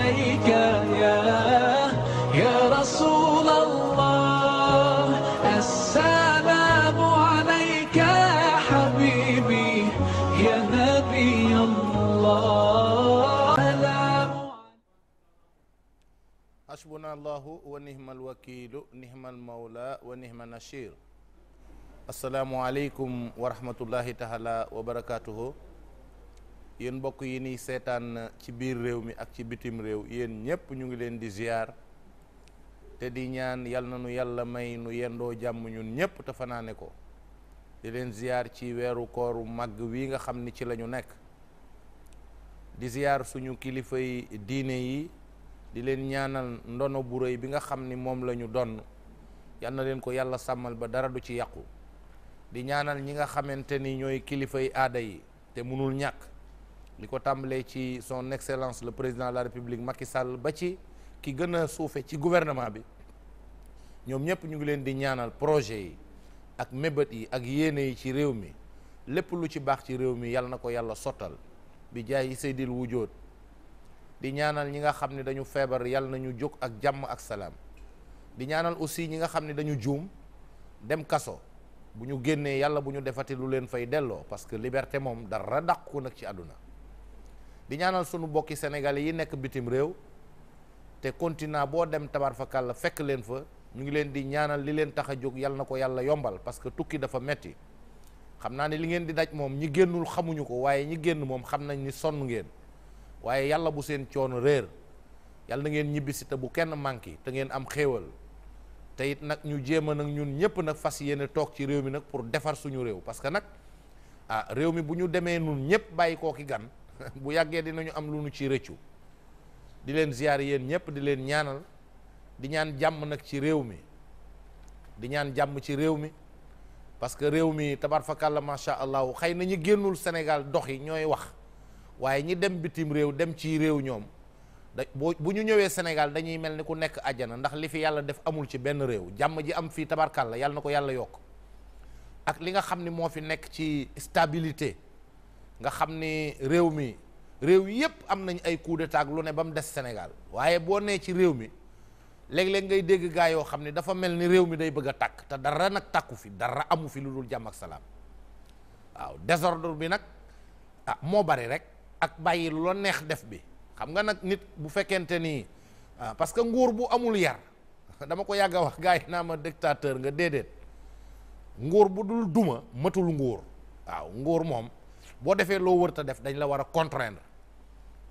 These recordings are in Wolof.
عليك يا يا رسول الله السلام عليك يا حبيبي يا نبي الله حسبنا الله ونعم الوكيل نعم المولى ونعم النشير assalaamu aleykum wa rahmatullahi taala wa barakatuhu yéen mbokk yi ni seetaan na ci biir réew mi ak ci bitim réew yéen ñépp ñu ngi leen di ziar te di ñaan yal na nu yàlla may nu yendoo jàmm ñun ñépp te fanaane ko di leen ziar ci weeru kooru màgg wi nga xam ni ci lañu nekk di ziar suñu kilifay diine yi di leen ñaanal ndono bu rëy bi nga xam ni moom lañu ñu donn yal leen ko yàlla sàmmal ba dara du ci yàqu di ñaanal ñi nga xamante ni ñooy kilifay aada yi te mënul ñàkk li ko tàmbalee ci son excellence la président de la république Macky Sall ba ci ki gën a suufe ci gouvernement bi ñoom ñëpp ñu ngi leen di ñaanal projet yi ak mébét yi ak yéene yi ci réew mi lépp lu ci baax ci réew mi yàlla na ko yàlla sottal bi jaay yi sey seydil wujoot di ñaanal ñi nga xam ne dañu feebar yàlla na ñu jóg ak jàmm ak salaam di ñaanal aussi ñi nga xam ne dañu juum dem kaso bu ñu génnee yàlla bu ñu defati lu leen fay delloo parce que liberté moom dara dàq ko nag ci àdduna di ñaanal suñu bokki sénégalais yi nekk bitim réew te continent boo dem tabar fa kàll fekk leen fa ñu ngi leen di ñaanal li leen tax a jóg yal na ko yàlla yombal parce que tukki dafa metti xam naa ne li ngeen di daj moom ñi génnul xamuñu ko waaye ñi génn moom xam nañ ni sonn ngeen waaye yàlla bu seen coono réer yàlla na ngeen ñibbisi te bu kenn manqué te ngeen am xéewal te it nag ñu jéem a nag ñun ñëpp nag fas yéene toog ci réew mi nag pour defar suñu réew parce que nag ah réew mi bu ñu demee nun ñëpp bàyyi koo ki gan bu yàggee dinañu am lu nu ci rëccu di leen ziyaar yéen ñëpp di leen ñaanal di ñaan jàmm nag ci réew mi di jàmm ci réew mi parce que réew mi tabar fakàlla allah xëy na ñi génnul Sénégal dox yi ñooy wax waaye ñi dem bitim réew dem ci réew ñoom da boo bu ñu ñëwee Sénégal dañuy mel ni ku nekk àjjana ndax li fi yàlla def amul ci benn réew jàmm ji am fii tabarkàlla yàlla na ko yàlla yokk ak li nga xam ni moo fi nekk ci stabilité nga xam ni réew mi réew yëpp am nañ ay coup d'état lu ne ba mu des Sénégal waaye boo nee ci réew mi léeg-léeg ngay dégg gaa yoo xam ni dafa mel ni réew mi day bëgg a tàkk te dara nag tàkku fi dara amu fi lu dul jàmm ak salaam waaw désordre bi nag a ah, moo bari rek ak bàyyi lu la neex def bi xam nga nag nit bu fekkente ni ah, parce que nguur bu amul yar dama ko yàgg a wax gaa naa ma dictateur nga déedéet nguur bu dul duma matul nguur waaw nguur moom. boo defee loo wërta def dañ la war a contraindre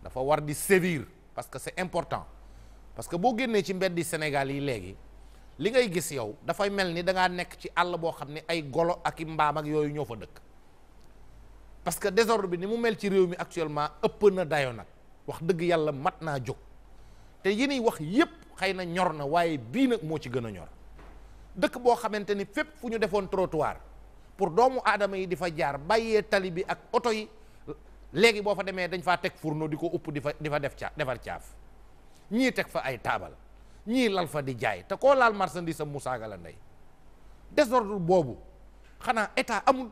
dafa war di sévir parce que c'est important parce que boo génnee ci mbedd Sénégal yi léegi li ngay gis yow dafay mel ni da nekk ci àll boo xam ne ay golo ak i mbaam ak yooyu ñoo fa dëkk parce que désordre bi ni mu mel ci réew mi actuellement ëpp na dayo nag wax dëgg yàlla mat naa jóg te yi ñuy wax yépp xëy na ñor na waaye bii nag moo ci gën a ñor dëkk boo xamante ni fépp fu ñu defoon trottoir pour doomu aadama yi di fa jaar bàyyee tali bi ak oto yi léegi boo fa demee dañ faa teg fourneau di ko upp di fa def ca defar caaf ñii teg fa ay taabal ñii lal fa di jaay te koo laal marchandise am mu saaga la ndey désordre boobu xanaa état amul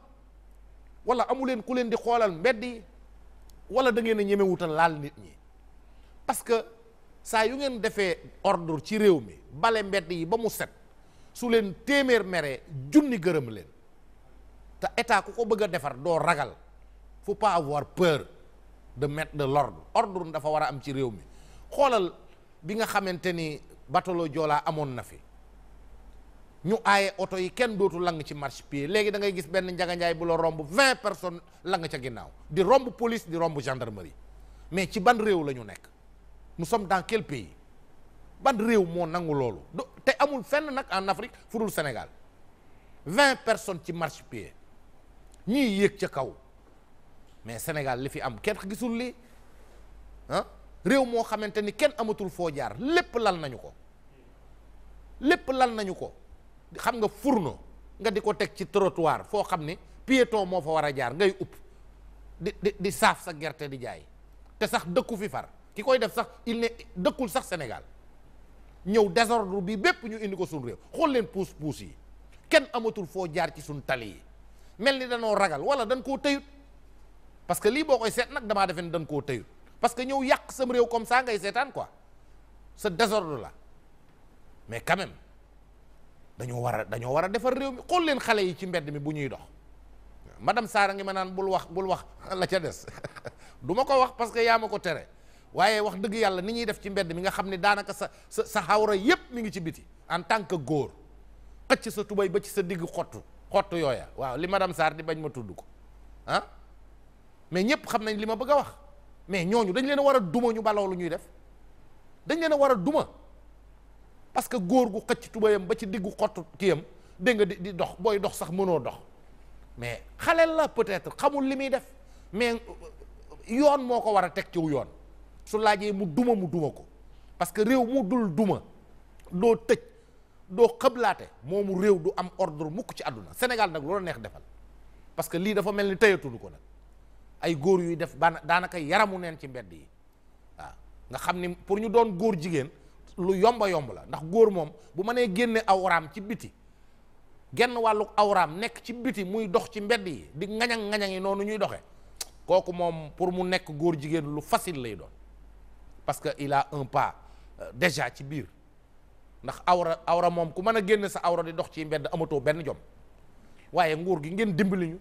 wala amu leen ku leen di xoolal mbedd yi wala da ngeen a ñemewuta laal nit ñi parce que saa yu ngeen defee ordre ci réew mi bale mbedd yi ba mu set su leen téeméer mere junni gërëm leen te état ku ko bëgg a defar doo ragal faut pas avoir peur de mettre de l'ordre ordre dafa war a am ci réew mi xoolal bi nga xamante ni batolo Joola amoon na fi ñu aaye oto yi kenn dootu lang ci marche pied léegi da ngay gis benn njaganjaay bu la romb vingt personnes lang ca ginnaaw di romb police di romb gendarmerie mais ci ban réew lañu nekk nous sommes dans quel pays ban réew moo nangu loolu te amul fenn nag en Afrique fu dul Sénégal vingt personnes ci marche pied ñii yéeg ca kaw mais Sénégal li fi am kenn gisul lii ah, réew moo xamante ni kenn amatul foo jaar lépp lal nañu ko lépp lal nañu ko xam nga furno nga di ko teg ci trottoir foo xam ni piéton moo fa war a jaar ngay upp di di di saaf sa gerte di jaay te sax dëkku fi far ki koy def sax il ne dëkkul sax Sénégal ñëw desorde bi bépp ñu indi ko suñ réew xool leen puus puus yi kenn amatul foo jaar ci suñ tali yi mel ni danoo ragal wala dañ koo tëyut parce que lii boo koy seet nag damaa defe ne dañ koo tëyut parce que ñëw yàq sam réew comme ça ngay seetaan quoi sa désordre la mais quand dañoo war a dañoo war a defar réew mi xool leen xale yi ci mbedd mi bu ñuy dox madame Saara ngi ma naan bul wax bul wax la ca des du ma ko wax parce que yaa ma ko tere waaye wax dëgg yàlla ni ñuy def ci mbedd mi nga xam ne daanaka sa sa sa xawra yépp mi ngi ci biti en tant que góor xëcc sa tubay ba ci sa digg xottu xottu yooya waaw li madame Sarr di bañ ma tudd ko ah mais ñëpp xam nañ li ma bëgg a wax mais ñooñu dañ leen a war a duma ñu ba loolu ñuy def dañ leen a war a duma parce que góor gu xëcc tubéyam ba ci diggu xottu kiyam dégg nga di dox booy dox sax mënoo dox mais xaleel la peut-être xamul li muy def mais euh, yoon moo ko war a teg ciw yoon su laajee mu duma mu duma ko parce que réew mu dul duma loo tëj doo xëblaate moomu réew du am ordre mukk ci àdduna Sénégal nag loola neex defal parce que lii dafa mel ni tëyatuñu ko nag ay góor yuy def baan daanaka yaramu neen ci mbedd yi waaw nga xam ni pour ñu doon góor jigéen lu yomba yomb la ndax góor moom bu mënee génne awraam ci biti genn wàllu awraam nekk ci biti muy dox ci mbedd yi di ngañang ngañang yi noonu ñuy doxe kooku moom pour mu nekk góor jigéen lu facile lay doon parce que il a un pas euh, déjà ci biir ndax awra awra moom ku mën a génn sa awra di dox ci mbedd amatoo benn jom waaye nguur gi ngeen dimbali ñu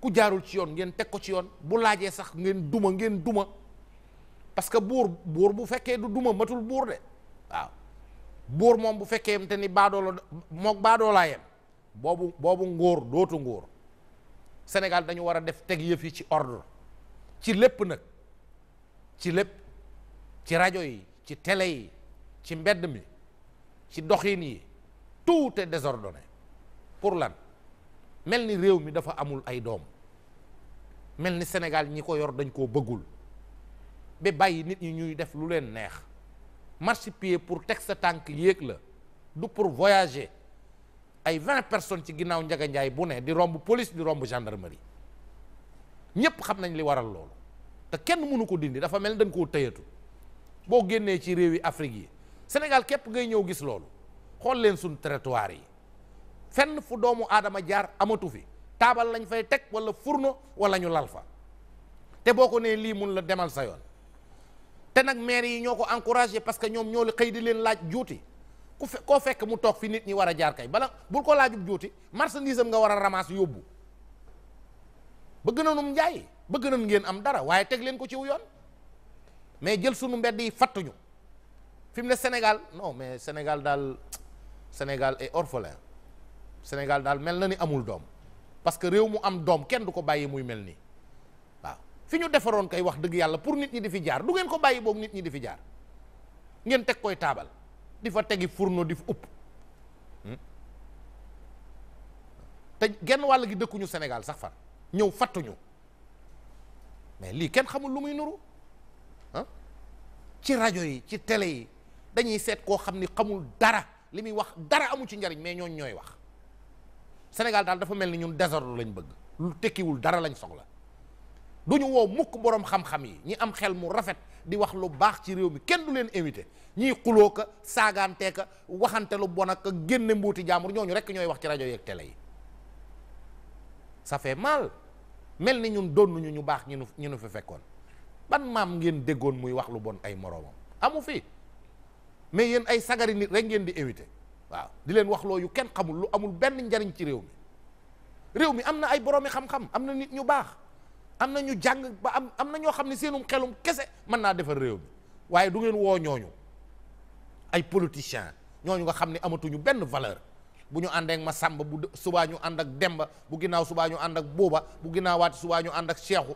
ku jaarul ci yoon ngeen teg ko ci yoon bu laajee sax ngeen duma ngeen duma parce que buur buur bu fekkee du duma matul buur de waaw buur moom bu fekkee te ni baadoolo mook baadoolaa yem boobu boobu ngóor dootu ngóor Sénégal dañu war a def teg yëf yi ci ordre ci lépp nag ci lépp ci rajo yi ci tele yi ci mbedd mi ci doxin yi tout est désordonné pour lan mel ni réew mi dafa amul ay doom mel ni Sénégal ñi ko yor dañ koo bëggul ba bàyyi nit ñi ñuy def lu leen neex marchepied pour teg sa tànk yéeg la du pour voyager ay vingt personnes ci ginnaaw Njaga Njaay bu ne di romb police di romb gendarmerie ñépp xam nañ li waral loolu te kenn mënu ko dindi dafa mel dañ koo tëyatu boo génnee ci réew yi Afrique yi Sénégal képp ngay ñëw gis loolu xool leen suñ territoire yi fenn fu doomu aadama jaar amatu fi taabal lañ fay teg wala furno wala ñu lal fa te boo ko nee lii mun la demal sa yoon te nag maire yi ñoo ko encouragé parce que ñoom ñoo li xëy di leen laaj juuti ku fe koo fekk mu toog fi nit ñi war a jaar kay bala bul ko laajub juuti marchandise am nga war a ramasse yóbbu bëgg nanum njaay bëgg nan ngeen am dara waaye teg leen ko ciw yoon mais jël sunu mbedd yi fattuñu fi mu ne Sénégal non mais Sénégal daal Sénégal est orphelin Sénégal daal mel na ni amul doom parce que réew mu am doom kenn du ko bàyyi muy mel nii waaw fi ñu defaroon kay wax dëgg yàlla pour nit ñi di fi jaar du ngeen ko bàyyi boog nit ñi di fi jaar ngeen teg koy taabal di fa tegi fourneau di fa upp hmm? te genn wàll gi dëkkuñu Sénégal sax fan ñëw fattuñu mais lii kenn xamul lu muy nuru ci rajo yi ci télé yi dañuy seet koo xam ni xamul dara li muy wax dara amu ci njariñ mais ñooñ ñooy wax Sénégal daal dafa mel ni ñun désordre lañ bëgg lu tekkiwul dara lañ soxla du ñu woo mukk boroom xam-xam yi ñi am xel mu rafet di wax lu baax ci réew mi kenn du leen invité ñiy xuloo ka saagantee ka waxante lu bon ak génne mbuuti jaambur ñooñu rekk ñooy wax ci rajo yeeg télé yi ça mal mel ni ñun donnuñu ñu baax ñu nu ñu nu fi fekkoon ban maam ngeen déggoon muy wax lu bon ay moroomam mais yéen ay sagari nit rek ngeen di éviter waaw di leen wax loo yu kenn xamul lu amul benn njariñ ci réew mi réew mi am na ay boroomi xam-xam am na nit ñu baax am na ñu jàng ba am am na ñoo xam ne seenum xelum kese mën naa defar réew mi waaye du ngeen woo ñooñu ay politiciens ñooñu nga xam ne amatuñu benn valeur bu ñu àndeek ma sàmba bu subaa ñu ànd ak demba bu ginnaaw subaa ñu ànd ak booba bu ginnaawaati subaa ñu ànd ak seexu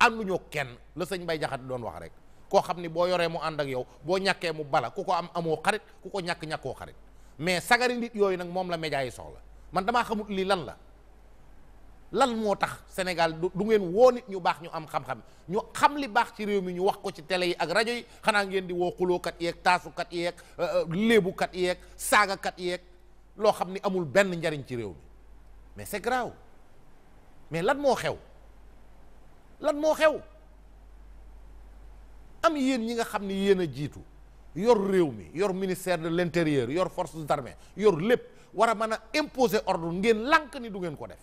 ànduñoo kenn la sëñ bay jaxat doon wax rek koo xam ni boo yoree mu ànd ak yow boo ñàkkee mu bala ku ko am amoo xarit ku ko ñàkk ñàkkoo xarit mais sagari nit yooyu nag moom la média yi soxla man damaa xamut lii lan la lan moo tax Sénégal du ngeen woo nit ñu baax ñu am xam-xam ñu xam li baax ci réew mi ñu wax ko ci télé yi ak rajo yi xanaa ngeen di woo kat yeeg taasukat yeeg euh, euh, léebukat yeeg saagakat yeeg loo xam ni amul benn njariñ ci réew mi mais c'est grave mais lan moo xew lan moo xew am yéen ñi nga xam ni yéen a jiitu yor réew mi yor ministère de l'intérieur yor force forces armées yor lépp war a mën a imposer ordre ngeen lànk ni du ngeen ko def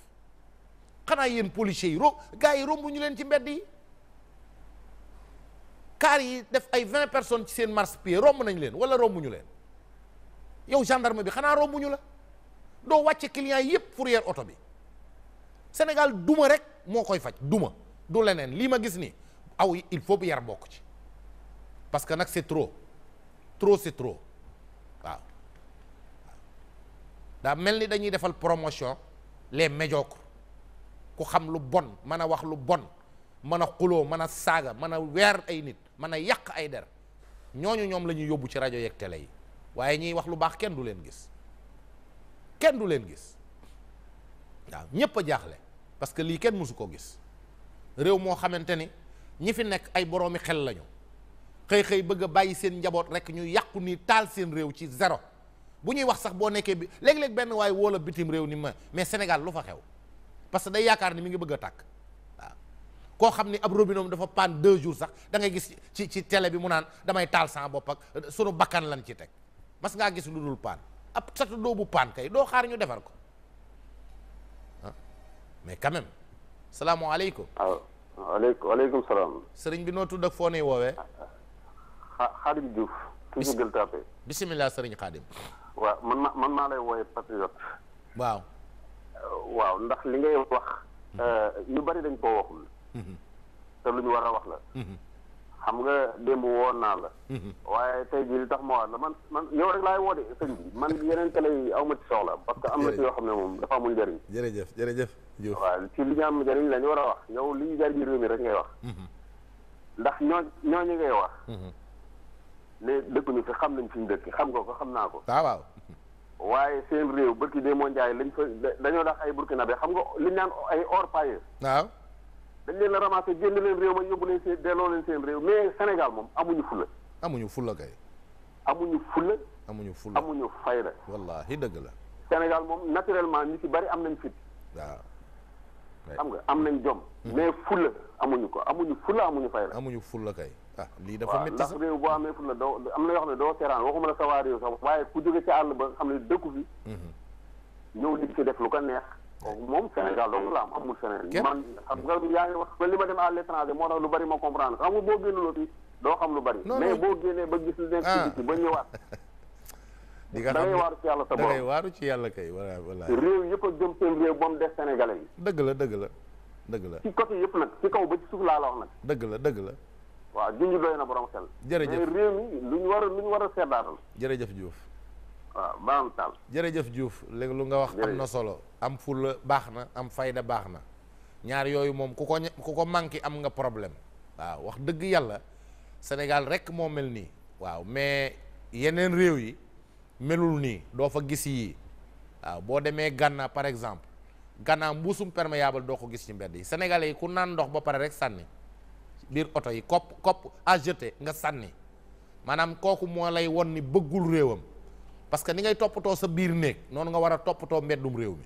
xanaa yéen policiers yi ro gars yi rombu ñu leen ci mbedd yi kaar yi def ay vingt personnes ci seen marche pied romb nañ leen wala rombu ñu leen yow gendarme bi xanaa rombu ñu la doo wàcce clients yi yëpp fourrière oto bi Sénégal duma rek moo koy faj duma du leneen lii ma gis nii aw il faut bu yar bokk ci parce que nag c'est trop trop c'est trop waaw daa mel ni dañuy defal promotion les médiocres ku xam lu bon mën a wax lu bon mën a xuloo mën a saaga mën a weer ay nit mën a yàq ay der ñooñu ñoom la ñuy yóbbu ci rajo yeeg tele yi waaye ñiy wax lu baax kenn du leen gis kenn du leen gis waaw ñépp jaaxle parce que lii kenn mësu ko gis réew moo xamante ni ñi fi nekk ay boroomi xel lañu xëy xëy bëgg a bàyyi seen njaboot rek ñu yàqu ni taal seen réew ci zéro bu ñuy wax sax boo nekkee bi léeg-léeg benn waaye woola bitim réew ni ma mais Sénégal lu fa xew parce que day yaakaar ni mu ngi bëgg a tàkk waaw koo xam ni ab robinom dafa panne deux jours sax dangay gis ci ci télé bi mu naan damay taal sans bopp ak euh, sunu bakkan lan ci teg mas ngaa gis lu dul paan ab satu doo bu panne kay doo xaar ñu defar ko ah. mais quand même salaamaaleykum. Ah, waaw waaleykum salaam. sëriñ bi noo tudd foo nay woowee. Xaadim Diouf. toujours gël tàppe. bisimilah sëriñ Xaadim. waaw man ma man maa lay wooye patriote. waaw. Euh, waaw ndax li ngay wax. Euh, ñu bari dañ koo waxul. Mhm. te lu ñu war a wax la. Mhm. xam nga démb woon naa la. Mhm. waaye tey jii li tax ma war la man man yow rek laay woo de man yeneen télé yi aw ma ci soxla. parce que am na ci yoo xam ne moom dafa amul njëriñ. jërëjëf jërëjëf. waaw ci li ñu am njëriñ la ñu war a wax yow li ñu jëriñ réew mi rek ngay wax. ndax ñoo ñooñu ngay wax. ne dëkkuñu fi xam nañ fi ñu dëkk xam nga ko xam naa ko. waaw waaw. waaye seen réew barki de moo njaay lañ fa dañoo dax ay burkina be xam nga liñ naan ay orpailleurs. waaw. dañ leen a ramassé génn leen réew ma yóbbu leen seen delloo leen seen réew mais Sénégal moom amuñu fulla. amuñu fulla kay. amuñu fulla. amuñu fulla amuñu fayda. wallaahi dëgg la. Sénégal moom naturellement ñi ci bari am nañ fit. waaw. xam nga am nañ jom. Hmm. mais fulla amuñu ko amuñu fulla amuñu fay la. amuñu fulla kay ah lii dafa métti sax waaw ndax réew boo amee fulla doo am na yoo xam ne doo seeraan waxuma la sa waa réew sax waaye ku jóge ci àll ba xam ne dëkku fi. Hmm. ñëw li ci def lu ko neex. moom Sénégal dong la am amul Sénégal. man xam nga yaa ngi li ma dem à l'étranger moo tax lu bari ma comprendre xam nga boo génnuloo fi doo xam lu bari. mais boo génnee ba gis nekk ci ah. ba ñëwaat. di nga xam ne da waaru ci yàlla sa waaru ci yàlla kay voilà voilà. réew yëpp a jëm seen réew ba mu des sénégalais yi. dëgg la dëgg la dëgg la. ci côté yëpp nag ci kaw ba ci nag. dëgg la dëgg la. waaw junj doy na borom war a jërëjëf Diouf. waaw baam taal. jërëjëf Diouf léegi lu nga wax am na solo. am fulla baax na am fayda baax na ñaar yooyu moom ku ko ku am nga problème. waaw wax dëgg yàlla Sénégal rek moo mel nii. waaw mais yeneen réew yi melul nii doo fa gis yii waaw boo demee Ghana par exemple Ghana mbuusum perméable doo ko gis ci mbedd yi sénégalais yi ku naan ndox ba pare rek sànni biir oto yi kopp kopp à nga sànni maanaam kooku moo lay won ni bëggul réewam parce que ni ngay toppatoo sa biir néeg noonu nga war a toppatoo mbeddum réew mi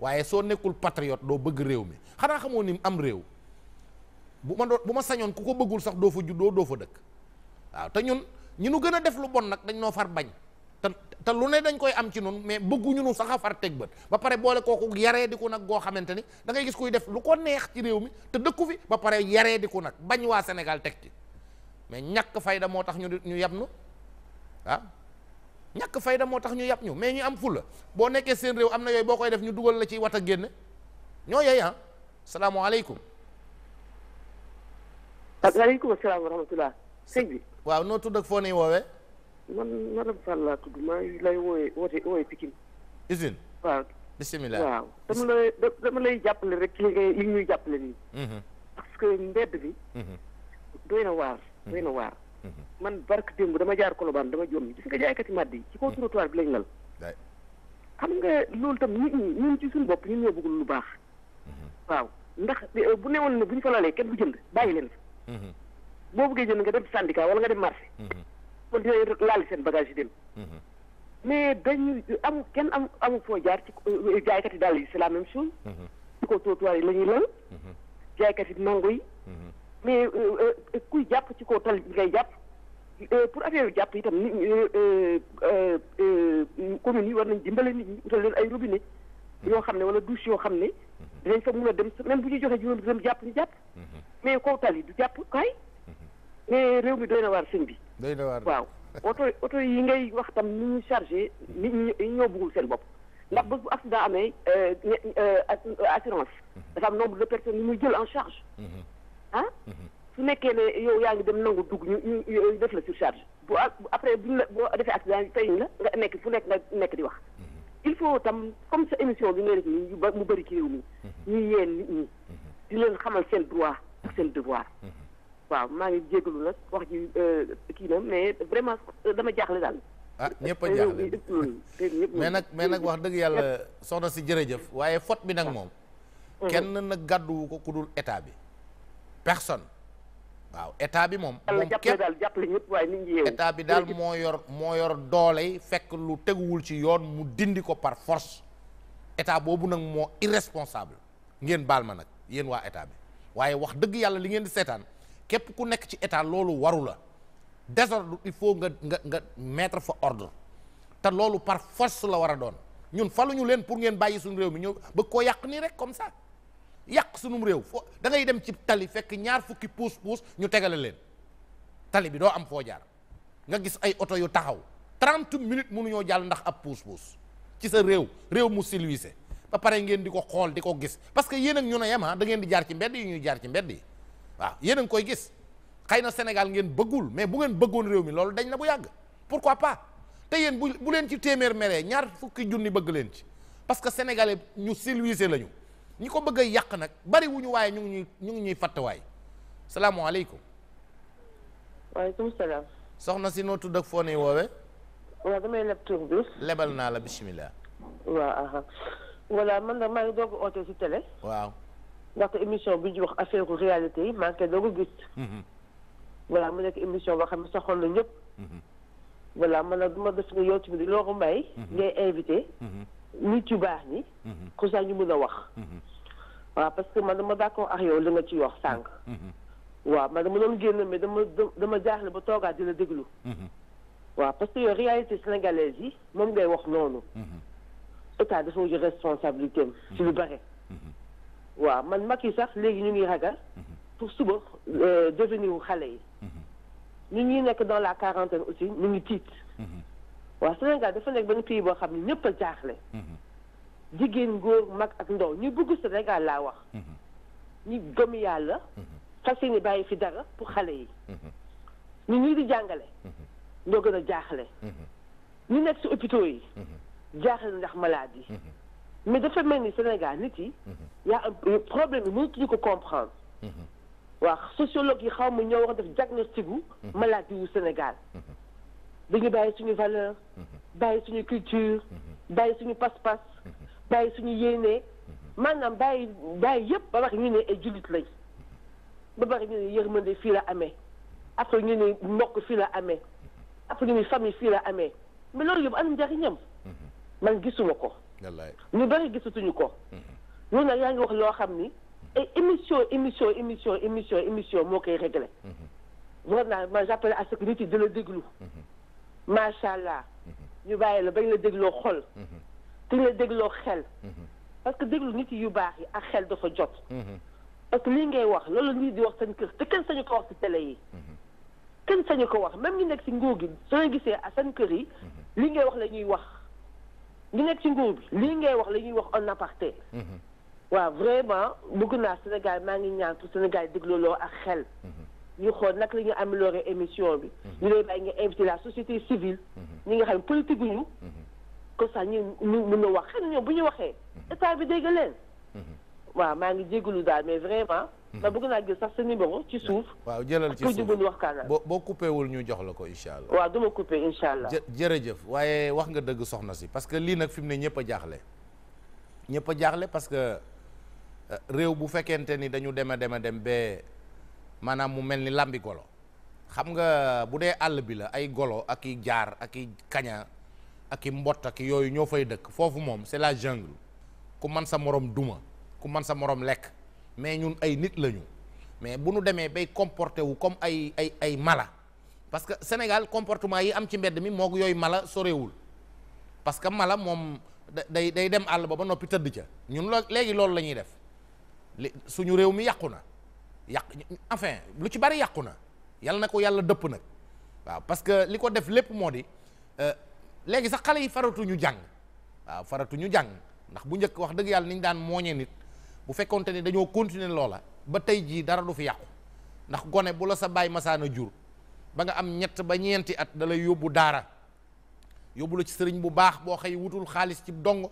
waaye soo nekkul patriote doo bëgg réew mi xanaa xamoo ni am réew bu ma doon bu ma sañoon ku ko bëggul sax doo fa juddoo doo fa dëkk waaw te ñun ñi nu gën a def lu bon nag dañ noo far bañ te te lu ne dañ koy am ci noonu mais bëgguñu nu sax a far teg bët ba pare boole kooku yaree di ko nag goo xamante ni dangay gis kuy def lu ko neex ci réew mi te dëkku fi ba pare yaree di ko nag bañ waa senegal teg ci mais ñàkk fayda moo tax ñu ñu yab nu ah ñàkk fayda moo tax ñu yab ñu mais ñu am fulla boo nekkee seen réew am na yooyu boo koy def ñu dugal la ci wat a génn ñoo yey ah salaamaaleykum. waaleykum salaam wa rahmatulah sëñ bi. waaw noo tudd ak foo man madame Fall laa tudd maa lay wooyee woote wooyee Pikine. usine. waaw bisimilah waaw dama lay dama lay jàppale rek li ngay li ñuy jàppale nii. Mm-hmm. parce que mbedd bi. Mm-hmm. doy na waar doy na waar. Mm-hmm. man barke démb dama jaar kolobaan dama jom gis nga jaaykati màdd yi ci kaw trottoir bi lañ lal. xam nga loolu tam nit ñi ñun ci suñu bopp ñun ñoo bëggul lu baax. waaw ndax eh, bu newoon ne bu ñu fa lalee kenn bu jënd bàyyi leen boo bëggee jënd nga dem syndicat wala nga dem marché. man dinañ laal seen bagage yi dem. Mhm. mais dañu am kenn am amu foo jaar ci euh, jaaykat yi daal yi c'est la même chose. ci mhm. kaw trottoir yi la ñuy lal. Mhm. jaaykat yi nangu yi. mais euh, euh, kuy jàpp ci kaw tal ngay jàpp. pour affaire jàpp itam nit ñi communes yi war nañ dimbale nit ñi utal leen ay robine yoo xam ne wala douche yoo xam ne dañ fa mun a dem même bu ñu joxee juróom dërëm jàpp ñu jàpp mais kaw tal yi du jàpp kaay mais réew mi doy na waar sëñ bi day na waar waaw oto oto yi ngay wax tam ni ñu chargé nit ñi ñoo bëggul seen bopp ndax bés bu accident amee euh, euh, euh, assurance mhm. dafa am nombre de personnes yi muy jël en charge mhm. ah mhm. su nekkee ne yow yaa ngi dem nangu dugg ñu ñu def la surcharge bu après buñ la boo defee accident yi tey la nga nekk fu nekk nga nekk di wax il faut tam comme sa émission bi ngay def nii mu bëri ci réew mi ñuy yeen nit ñi di leen xamal seen droit ak seen devoir waaw maa ngi jégalu nag wax ji euh, vraiment euh, dama jaaxle daal. ah ñëpp a jaaxle euh, mais nag mais nag wax dëgg yàlla soxna si jërëjëf waaye faute bi nag moom. Mm. kenn nag gàdduwu ko ku dul état bi personne. waaw état bi moom moom képp daal jàppale waaye nit bi daal moo yor moo yor doole yi fekk lu teguwul ci yoon mu dindi ko par force état boobu nag moo irresponsable ngeen baal ma nag yéen waa état bi waaye wax dëgg yàlla li ngeen di seetaan képp ku nekk ci état loolu waru la désordre il faut nga nga nga metre fa ordre te loolu par force la war a doon ñun faluñu leen pour ngeen bàyyi suñu réew mi ñëw bëgg koo yàq nii rek comme ça yàq sunum réew foo dangay dem ci tali fekk ñaar fukki puus puus ñu tegale leen tali bi doo am foo jaar nga gis ay oto yu taxaw 30 minutes mënuñoo jàll ndax ab puus puus ci sa réew réew mu silvisé ba pare ngeen di ko xool di ko gis parce que yéen ak ñu ne yem ah, da ngeen di jaar yi ñuy jaar ci mbedd yi. waaw yéen a ngi koy gis xëy na Sénégal ngeen bëggul mais bu ngeen bëggoon réew mi loolu dañ na bu yàgg pourquoi pa te yéen bu bu leen ci téeméer meree ñaar fukki junni bëgg leen ci parce que sénégalais ñu civilisé lañu ñi ko bëgg a yàq nag bariwuñu waaye ñu ngi ñuy ñu ngi ñuy fàttawaay salaamaaleykum. waaleykum salaam. soxna si noo tudd foo ne woowee. waaw damay leb tur bi. lebal naa la bisimilah. waaw voilà man nag maa ngi doog oote si télé. waaw. ndaxte émission bi ñu wax affaire réalité yi manqué doogu gis. Mhm. voilà mu nekk émission boo xam ne soxal na ñëpp. Mhm. voilà man nag du ma def nga yow tamit loolu may. Mhm. ngay invité. nit yu baax ñi. ku sax ñu mën a wax. waaw parce que man dama d'accord ak yow li nga ci wax sànq. waaw man ma doon génn mais dama dama jaaxle ba toogaat di la déglu. waaw parce que yow réalité sénégalaise yi moom ngay wax noonu. état dafa wuti responsabilité am ci lu bare. waaw man mag yi sax léegi ñu ngi ragal pour suba euh, devenir wu xale yi ñu ngi nekk dans la quarantaine aussi ñu ngi tiit waaw Sénégal dafa nekk benn pays boo xam ne ñëpp a jaaxle jigéen góor mag ak ndaw ñu bëgg Sénégal laa wax ñu gëm yàlla fas ni bàyyi fi dara pour xale yi ñu ñii di jàngale ñoo gën a jaaxle ñu nekk ci hôpitaux yi jaaxle ndax maladie mais dafa mel ni Sénégal nit yi. Mhm. y' a un problème bi mënatuñu ko comprendre. Mhm. waaw sociologue yi xaw ma ñëw wax def diagnostic gu. Mhm. maladie wu Sénégal. dañu bàyyi suñu valeur. bàyyi suñu culture. bàyyi suñu pas-pas. bàyyi suñu yéene. maanaam bàyyi bàyyi yëpp ba wax ñu ne ay jullit lañ. ba bari ñu ne yërmande fii la amee. après ñu ne mbokk fii la amee. après ñu ne famille fii la amee. mais yëpp am njariñam. man gisuma ko. ñu bëri gisatuñu ko. yow mhm. nag yaa ngi wax loo xam ni ay émission émission émission émission émission moo koy réglé. war naa mhm. ma j'appelle à ce que nit yi di la déglu. Mhm. macha allah. ñu bàyyi la bañ la dégloo xol. te ñu la dégloo xel. parce que déglu nit yu baax yi ak xel dafa jot. parce que lii ngay wax loolu nit di wax seen kër te kenn sañu ko wax ci télé yi. kenn sañu ko wax même ñu nekk ci nguur gi soo gisee à seen kër yi. li ngay wax la ñuy wax. ñu nekk ci nguur bi lii ngay wax la ñuy wax en aparté. Mhm. waaw vraiment bëgg naa Sénégal maa ngi ñaan pour Sénégal loo ak xel. Mhm. ñu xool naka la ñuy améliorer émission bi. Mhm. ñu lay bàyyi ngi invité la société civile. ñi nga xam ne politique ñu. comme ça ñu ñu mën a wax xëy na ñoom bu ñu waxee. état bi dégg leen. waaw maa ngi jégalu daal mais vraiment. ma mhm. bëgg naa jël sax sa numéro ci suuf. waaw jëlal ci suuf pour waxtaan boo boo coupé ñu jox la ko incha allah. waaw du ma coupé incha allah. jërëjëf waaye wax nga dëgg soxna si parce que lii nag fi mu ne ñëpp a jaaxle. ñëpp a jaaxle parce que euh, réew bu fekkente ni dañu dem a dem a dem ba maanaam mu mel ni làmbi golo xam nga bu dee àll bi la ay golo ak i jaar ak i kaña ak i mbott ak yooyu ñoo fay dëkk foofu moom c'est la jungle ku man sa moroom duma ku man sa moroom lekk. mais ñun ay nit lañu mais bu nu demee bay comporté wu comme ay ay ay mala parce que Sénégal comportement yi am ci mbedd mi moog yooyu mala sorewul parce que mala moom day day dem àll ba ba noppi tëdd ca ñun loo léegi loolu la ñuy def li suñu réew mi yàqu na yàq enfin lu ci bari yàqu na yal na ko yàlla dëpp nag waaw parce que li ko def lépp moo di euh, léegi sax xale yi faratuñu jàng waaw ñu jàng ndax bu njëkk wax dëgg yàlla ni ñu daan mooñe nit bu fekkonte ni dañoo continuer loola ba tey jii dara du fi yàqu ndax gone bu la sa baay masaana jur ba nga am ñett ba ñeenti at dalay yóbbu daara yóbbu la ci sëriñ bu baax boo xëy wutul xaalis ci dongo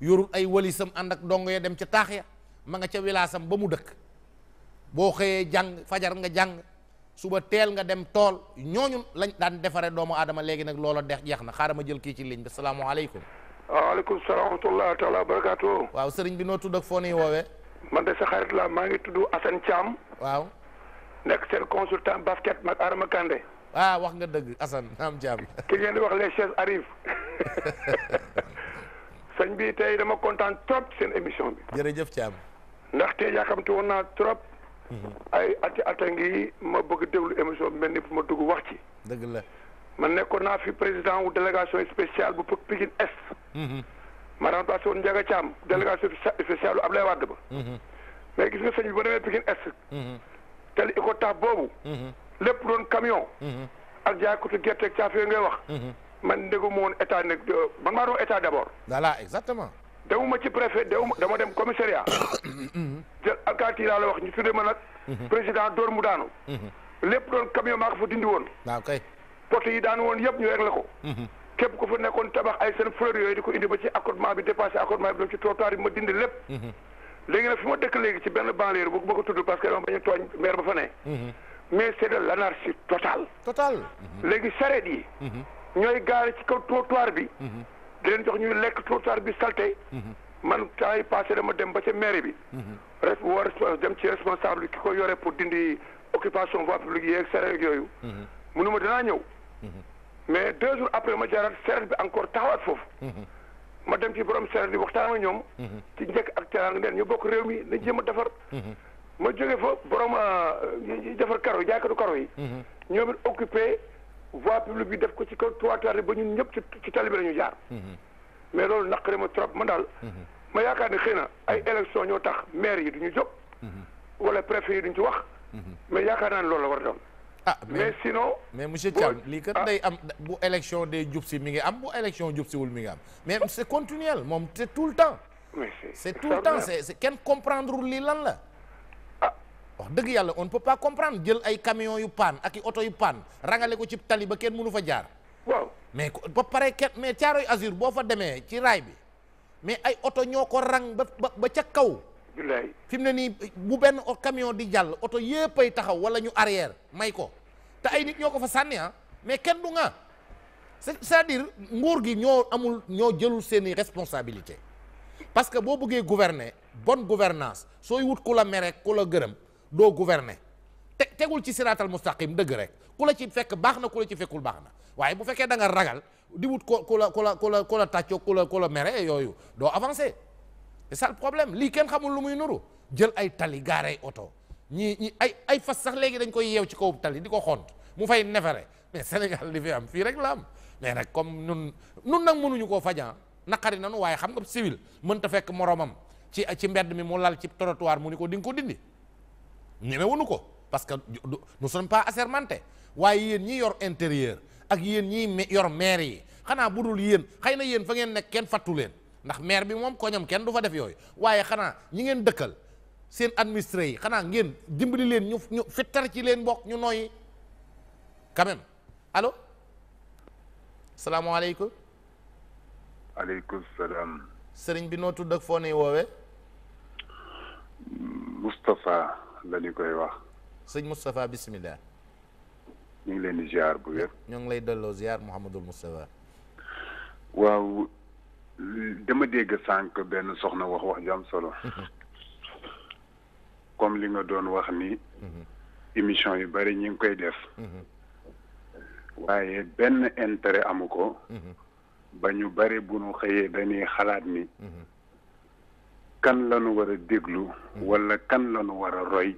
yorul ay walisam ànd ak dongo ya dem ca taax ya ma nga ca wilaasam ba mu dëkk boo xëyee jàng fajar nga jàng suba teel nga dem tool ñooñu lañ daan defare doomu aadama léegi nag loola dex jeex na xaaral ma jël kii ci ligne bi salaamaaleykum waaleykum salaam wa rahmatulah taala wa waaw sëriñ bi noo tudd ak foo nii woowee. man de sa xarit la maa ngi tudd Assane Thiam. waaw. nekk seen consultant basket mag Arama Kandé. ah wax nga dëgg Assane naam Thiam. ki ngeen di wax les chaises arrivent. sëñ bi tey dama kontaan trop seen émission bi. jërëjëf Thiam. ndaxte yaakamti woon naa trop. Mhm. ay ati ata ngi ma bëgg déglu émission bi mel ni fu ma dugg wax ci. dëgg la. man nekkoon naa fi président wu délégation spéciale bu Pikine Est. Mm-hmm. ma remplacé woon Ndiaga Thiam délégation spéciale bu Ablaye Wade ba. Mm-hmm. mais gis nga sëñ bi ba demee Pikine Est. Mm-hmm. tali iko tax boobu. lépp doon camion. ak jaaykatu gerte ak caaf yooyu ngay wax. man ndeguma woon état nag man maa doon état d' abord. voilà exactement. demuma ci préfet demuma dama dem commissariat. jël alkaati laa la wax ñu de ma nag. président Dóor mu daanu. lépp doon camion maa ko fa dindi woon. waaw kay. porte yi daanu woon yëpp ñu réglé ko. Mhm. képp ku fa nekkoon tabax ay seen fleur yooyu di ko indi ba ci accotement bi dépassé accotement bi dem ci trottoir yi ma dindi mhm. léegi nag ci benn banlieue bu ma ko tudd parce que dama bañ a tooñ maire ba fa ne. Mhm. mais c'est de l'anarchie totale. yi. ñooy gaare ci kaw trottoir bi. di leen jox ñuy lekk trottoir bi salté. man temps yi passé dama dem ba ca mairie bi. res woo dem ci responsable ki ko yore pour dindi occupation voie publique yeeg charrette yooyu. mënuma dinaa ñëw. mais deux jours après ma jaaraat charrette bi encore taxawaat foofu. ma dem ci borom charrette bi waxtaan ak ñoom. ci njëkk ak teraanga neen ñu bokk réew mi nañ jéem a defar. ma jóge fa borom euh, defar karo yi jaaykatu karo yi. ñoom it occupé voie publique bi def ko ci kaw toiture ba ñun ñëpp ci ci tali la ñu jaar. mais loolu naqare ma trop man daal. ma yaakaar ne xëy na ay élection ñoo tax maire yi du ñu jóg. wala préfet yi duñ ci wax. mais yaakaar naa ne loolu la war a ah mais sinon. mais monsieur Thiam lii kat ah. day am bu élection day jub si mi ngi am bu élection jub siwul ngi am mais c' est continuel moom c' est tout le temps. c' tout le temps c' est kenn comprendre lii lan la. Ah. wax dëgg yàlla on ne peut pas comprendre jël ay camion yu paan ak i oto yu paan rangale ko ci tali ba kenn mënu fa jaar. waaw mais ba pare kenn mais Caaroy Azur boo fa demee ci raay bi mais ay oto ñoo ko rang ba ba ca kaw. billaay fi mu ne nii bu benn camion di jàll oto yëpp ay taxaw wala ñu arrière may ko te ay nit ñoo ko fa sànni ah mais kenn du nga c'est-à-dire nguur gi ñoo amul ñoo jëlul seeni responsabilité parce que boo bëggee gouverner bonne gouvernance sooy wut ku la mere ku la gërëm doo gouverner te tegul ci siraatal mustaqim dëgg rek ku la ci fekk baax na ku la ci fekkul baax na waaye bu fekkee danga nga ragal di wut ko ku la ku la ku la ku la ku la mere yooyu doo avancer c'est ça problème lii kenn xamul lu muy nuru jël ay tali gaar ay oto ñii ñi ay ay fas sax léegi dañ koy yeew ci kaw tali di ko xont mu fay nefere mais Sénégal li fi am fii rek la am mais nag comme nun nun nag mënuñu koo fajan naqari nanu waaye xam nga civil mënta fekk moromam ci ci mbedd mi mu lal ci trottoir mu ni ko di nga ko dindi ñemewuñu ko parce que nous sommes pas assermentés waaye yéen ñi yor intérieur ak yéen ñi yor maire yi xanaa budul yéen xëy na yéen fa ngeen nekk kenn fattu leen ndax maire bi moom koñam kenn du fa def yooyu waaye xanaa ñi ngeen dëkkal seen administré yi xanaa ngeen dimbali leen ñu ñu fittar ci leen bokk ñu nooyi quand alo allo salaamaaleykum. aleykum salaam. sëriñ bi nootu tudd ak foo nuy woowee. Moustapha la koy wax. sëñ Moustapha bisimilah. ñu ngi leen di bu wér. ñoo ngi lay delloo ziar Mouhamadul Moustapha. waaw dama dégg sànq benn soxna wax wax ju solo comme li nga doon wax ni émission yu bari ñi ngi koy def waaye benn intere amu ko ba ñu bari bu ñu xëyee dañuy xalaat ni kan la ñu war a déglu wala kan la ñu war a roy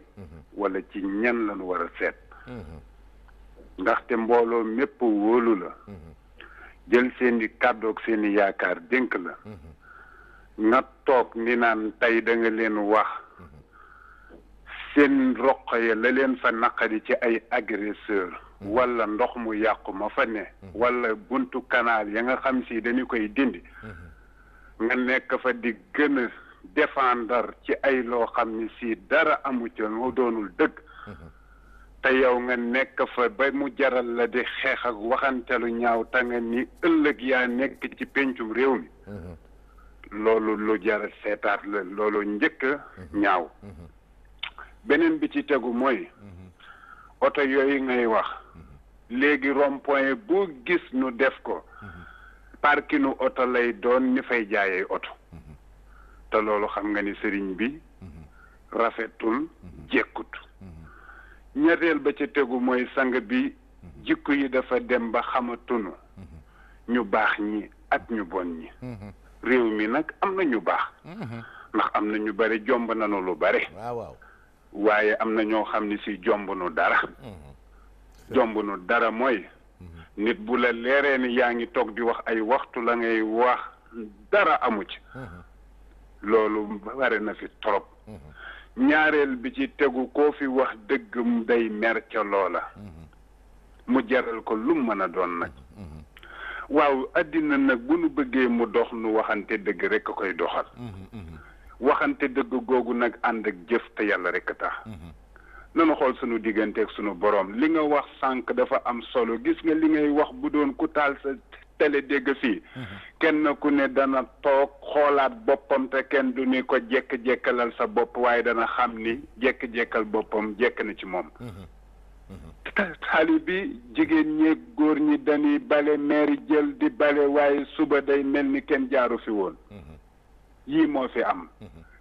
wala ci ñan la ñu war a seet mbooloo mépp wóolu la jël seen i seen yaakaar dénk la mhm. nga toog ni naan tey da nga leen wax mhm. seen roq ya la leen fa naqari ci ay agresseur mhm. walla ndox mu yàquma ma fa ne wala buntu kanaal ya nga xam si dañu koy dindi nga nekk fa di gën a défendre ci ay loo xam ni si dara amu ci mu doonul dëgg te yow nga nekk fa ba mu jaral la di xeex ak waxantelu ñaaw te nga ni ëllëg yaa nekk ci péncum réew mi mhm. loolu lu jaral seetaat la loolu njëkk mhm. ñaaw mhm. beneen bi ci tegu mooy oto yooyu ngay wax léegi rond-point boo gis nu def ko parkinu oto lay doon ni fay jaayee oto te loolu xam nga ni sëriñ bi rafetul jekkut ñetteel ba ci tegu mooy sang bi mhm. jikko yi dafa dem ba xamatunu mhm. ñu baax ñi ak ñu bon ñi mhm. réew mi nag am na ñu baax ndax am na ñu bare jomb nanu lu bare waaye am na ñoo xam ni si jomb nu dara jomb nu dara mooy nit bu la leeree ni yaa ngi toog di wax ay waxtu la ngay wax dara amu ci loolu bare na fi trop ñaareel bi ci tegu koo fi wax dëggum day mer ca loola mu jaral ko lu mën a doon nag waaw àddina nag bu nu bëggee mu dox nu waxante dëgg rekk a koy doxal waxante dëgg googu nag ànd ak jëf te yàlla rekk a tax nanu xool sunu digganteeg sunu boroom li nga wax sànq dafa am solo gis nga li ngay wax bu doon ku taal sa tele dégg fii mhm. kenn ku ne dana toog xoolaat boppam te kenn du ni ko jekk-jekkalal sa bopp waaye dana xam ni jekk-jekkal boppam jekk na ci moom xale mhm. mhm. bi jigéen ñeeg góor ñi dañuy bale meeri jël di bale waaye suba day mel ni kenn jaaru fi woon yii moo fi am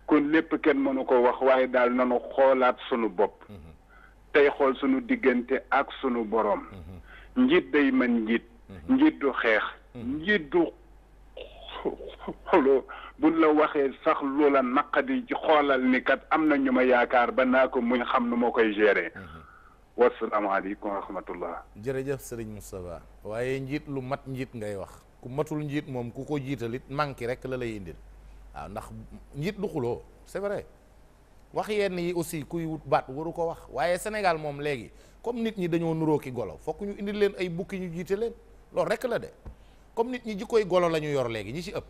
kon lépp kenn mënu ko wax waaye daal nanu xoolaat sunu bopp tey xool sunu diggante ak sunu boroom njiit day mën njiit Mm-hmm. njiit du xeex. Mm-hmm. njiit du xuloo buñ la waxee sax loola naqadi ci xoolal ni kat am na ñu ma yaakaar ba naa ko muñ xam nu ma koy gérer. Mm-hmm. wasalaamaaleykum wa rahmatullah. jërëjëf Serigne waaye njiit lu mat njiit ngay wax ku matul njiit moom ku ko jiitalit manqué rek la lay indi waaw ndax njiit du xuloo c'est vrai. wax yenn yi aussi kuy wut baat waru ko wax waaye senegal moom léegi comme nit ñi dañoo nuróo ki golo fokk ñu indi leen ay bukki ñu jiite leen loolu rek la de comme nit ñi jikkooy golo la ñu yor léegi ñi ci ëpp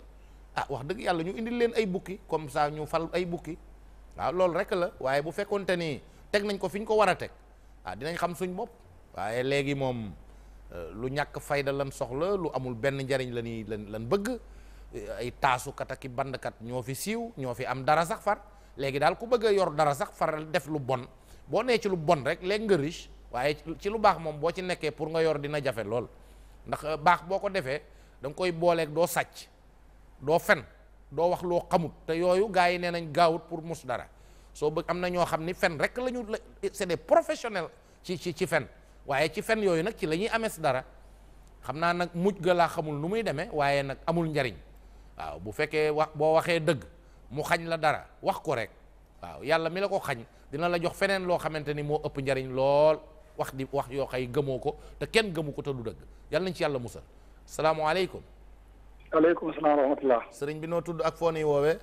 ah wax dëgg yàlla ñu indil leen ay bukki comme ça ñu fal ay bukki waaw ah, loolu rek la waaye bu fekkoonte ni teg nañ ko fi ñu ko war a teg ah xam suñ bopp waaye léegi moom euh, lu ñàkk fayda lan soxla lu amul benn njariñ la ni lan bëgg euh, ay taasukat ak i bandkat ñoo fi siiw ñoo fi am dara sax far léegi daal ku bëgg a yor dara sax faral def lu bon boo nee ci lu bon rek léegi nga waaye ci lu baax moom boo ci nekkee pour nga yor dina jafe lool ndax euh, baax boo ko defee da nga koy booleeg doo sàcc doo fen doo wax loo xamut te yooyu gars yi nee nañ gaawut pour mos dara soo bëgg am na ñoo xam ni fen rek la ñu la des professionnels ci ci ci fen waaye ci fen yooyu nag ci la ñuy amees dara xam naa nag mujj ga laa xamul nu muy demee waaye nag amul njariñ waaw bu fekkee wax boo waxee dëgg mu xañ la dara wax ko rek waaw yàlla mi la ko xañ dina la jox feneen loo xamante ni moo ëpp njariñ lool wax di wax yoo xay gëmoo ko te kenn gëmu ko te du dëgg yàlla nañ ci yàlla musal salaamaaleykum aleykum salaam wa rahmatullah sëriñ bi noo tudd ak foo nuy woowee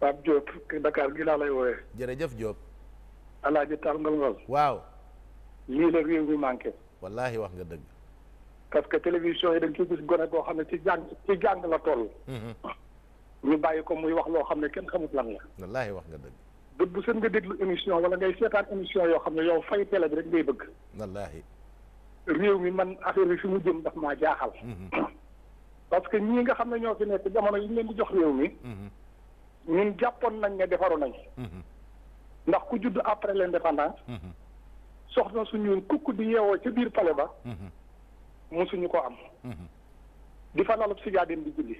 Pape Diop Dakar gi laa lay woowee jërëjëf Diop alaaji taal ngol-ngol waaw lii la réew mi manqué wallahi wax nga dëgg parce que télévision yi dañ ciy gis gone goo xam ne ci jàng ci jàng la toll mhm. ñu bàyyi ko muy wax loo xam ne kenn xamut lan la wallahi wax nga dëgg bët bu seen nga déglu émission wala ngay seetaan émission yoo xam ne yow fay télé bi rek ngay bëgg. wallaahi. réew mi man affaire bi fi mu jëm daf maa jaaxal. Mhm. parce que ñii nga xam ne ñoo fi nekk jamono yi ñu leen di jox réew mi. Mhm. ñun jàppoon nañ ne defaru nañ. Mhm. ndax ku judd après l'indépendance. soxna suñu kukk di yeewoo ca biir pale ba. mosuñu ko am. di fa lalub si di julli.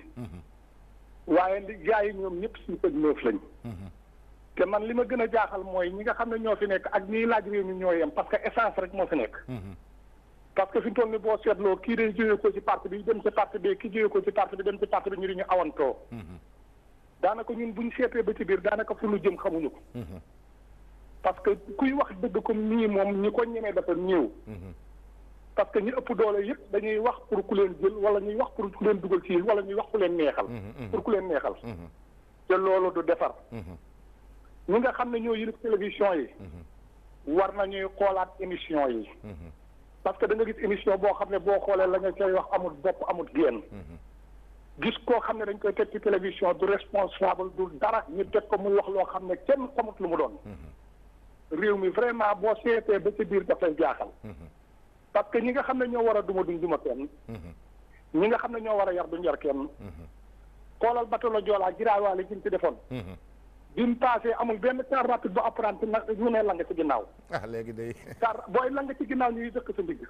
waaye li yi ñoom ñëpp suñu pëj neuf lañ. te man li ma gën a jaaxal mooy ñi nga xam ne ñoo fi nekk ak ñiy laaj réew mi ñoo yem parce que essence rek moo fi nekk. Mhm. parce que fi mu toll nii boo seetloo kii day jógee ko ci parti bi dem ci parti bi kii jógee ko ci parti bi dem ci ñu di ñu awantoo. Mhm. daanaka ñun bu ñu seetee ba ci biir daanaka fu ñu jëm xamuñu ko. Mhm. parce que kuy wax dëgg ko nii moom ñi ko ñemee dafa ñëw. parce que ñu ëpp doole yëpp dañuy wax pour ku leen jël wala ñuy wax pour ku leen dugal ci wala ñuy wax ku leen neexal. pour ku leen neexal. te loolu du defar. ñi nga xam ne ñoo yëngu télévision yi. Mhm. war na nañuy xoolaat émission yi. Mhm. parce que da nga gis émission boo xam ne boo xoolee la nga koy wax amul bopp amul génn. Mhm. gis koo xam ne dañ koy teg ci télévision du responsable du dara ñu teg ko mu wax loo xam ne kenn xamut lu mu doon. réew mi vraiment boo seetee ba ci biir dafay lay jaaxal. parce que ñi nga xam ne ñoo war a duma duñ duma kenn. ñi nga xam ne ñoo war a yar duñ yar kenn. xoolal bateau la Joola jiraawaale gi ci defoon. bi mu amul benn car rapide ba apprenti na ñu ne lang ci ginnaaw. ah léegi day. car booy lang ci ginnaaw ñuy dëkk sa ndigg.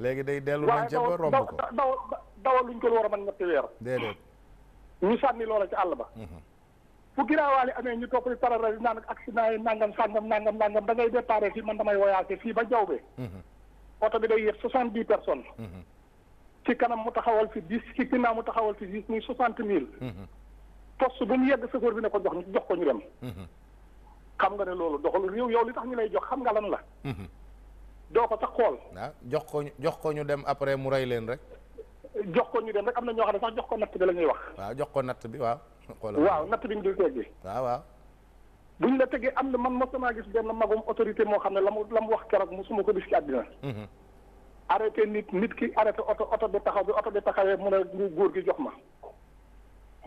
léegi day dellu nañ ca ba romb ko daw dawal luñ ko war a mën ñetti weer. déedéet. ñu sànni loola ci àll ba. Mhm. fu giraawaale amee ñu topp di paralel naan accident yi nangam sangam nangam nangam dangay ngay déparé fii man damay voyagé fii ba jaww be. Mhm. oto bi day yéeg soixante dix personnes. Mhm. ci kanam mu taxawal fi dix ci ginnaaw mu taxawal fi dix muy soixante mille. poste bu mu yegg chauffeur bi ne ko jox ñu jox ko ñu dem. Mhm. xam nga ne loolu doxalu réew yow li tax ñu lay jox xam nga lan la. Mhm. doo ko sax xool. waaw ah, jox ko jox ko ñu dem après mu rey leen rek. jox ko ñu dem rek am na ñoo xam ne sax jox ko natt la ñuy wax. waaw jox ko natt bi waaw. waaw natt bi ñu dul teggi. waaw waaw. bu ñu la tegee am na man mosuma gis benn magum autorité moo xam ne la mu la mu wax keroog mosuma ko gis ci àddina. Mhm. arrêté nit nit ki arrêté oto oto bi taxaw bi oto bi taxawee mu ne góor gi jox ma.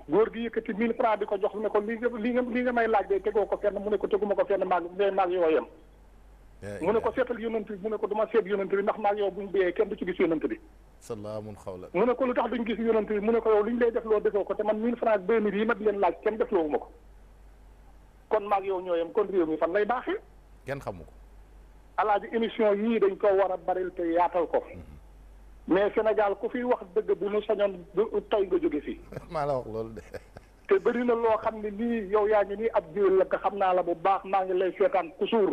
góor gi yëkkati 1000 francs di ko jox ne ko li nga li nga li may laaj de tegoo ko fenn mu ne ko teguma ko fenn maag ngay maag yem eh, mu ne ko eh. seetal yonent bi mu ne ko ndax maag yow bu ñu béyee kenn du ci gis yonent bi salaamun xawla mu ne ko lu tax duñ gis yonent bi mu ne ko yow li ñu lay def loo defoo ko te man 1000 francs deux mille yi ma leen laaj kenn def loowu ma ko kon maag yow ñoo yem kon réew mi fan lay baaxee kenn xamu ko alaaji émission yii dañ ko war a baril te yaatal ko mm-hmm. mais Sénégal ku fi wax dëgg bu nu sañoon tey nga jóge fii. maa la wax loolu de. te bëri na loo xam ne nii yow yaa ngi nii ab géwél la ko xam naa la bu baax maa ngi lay seetaan ku suur.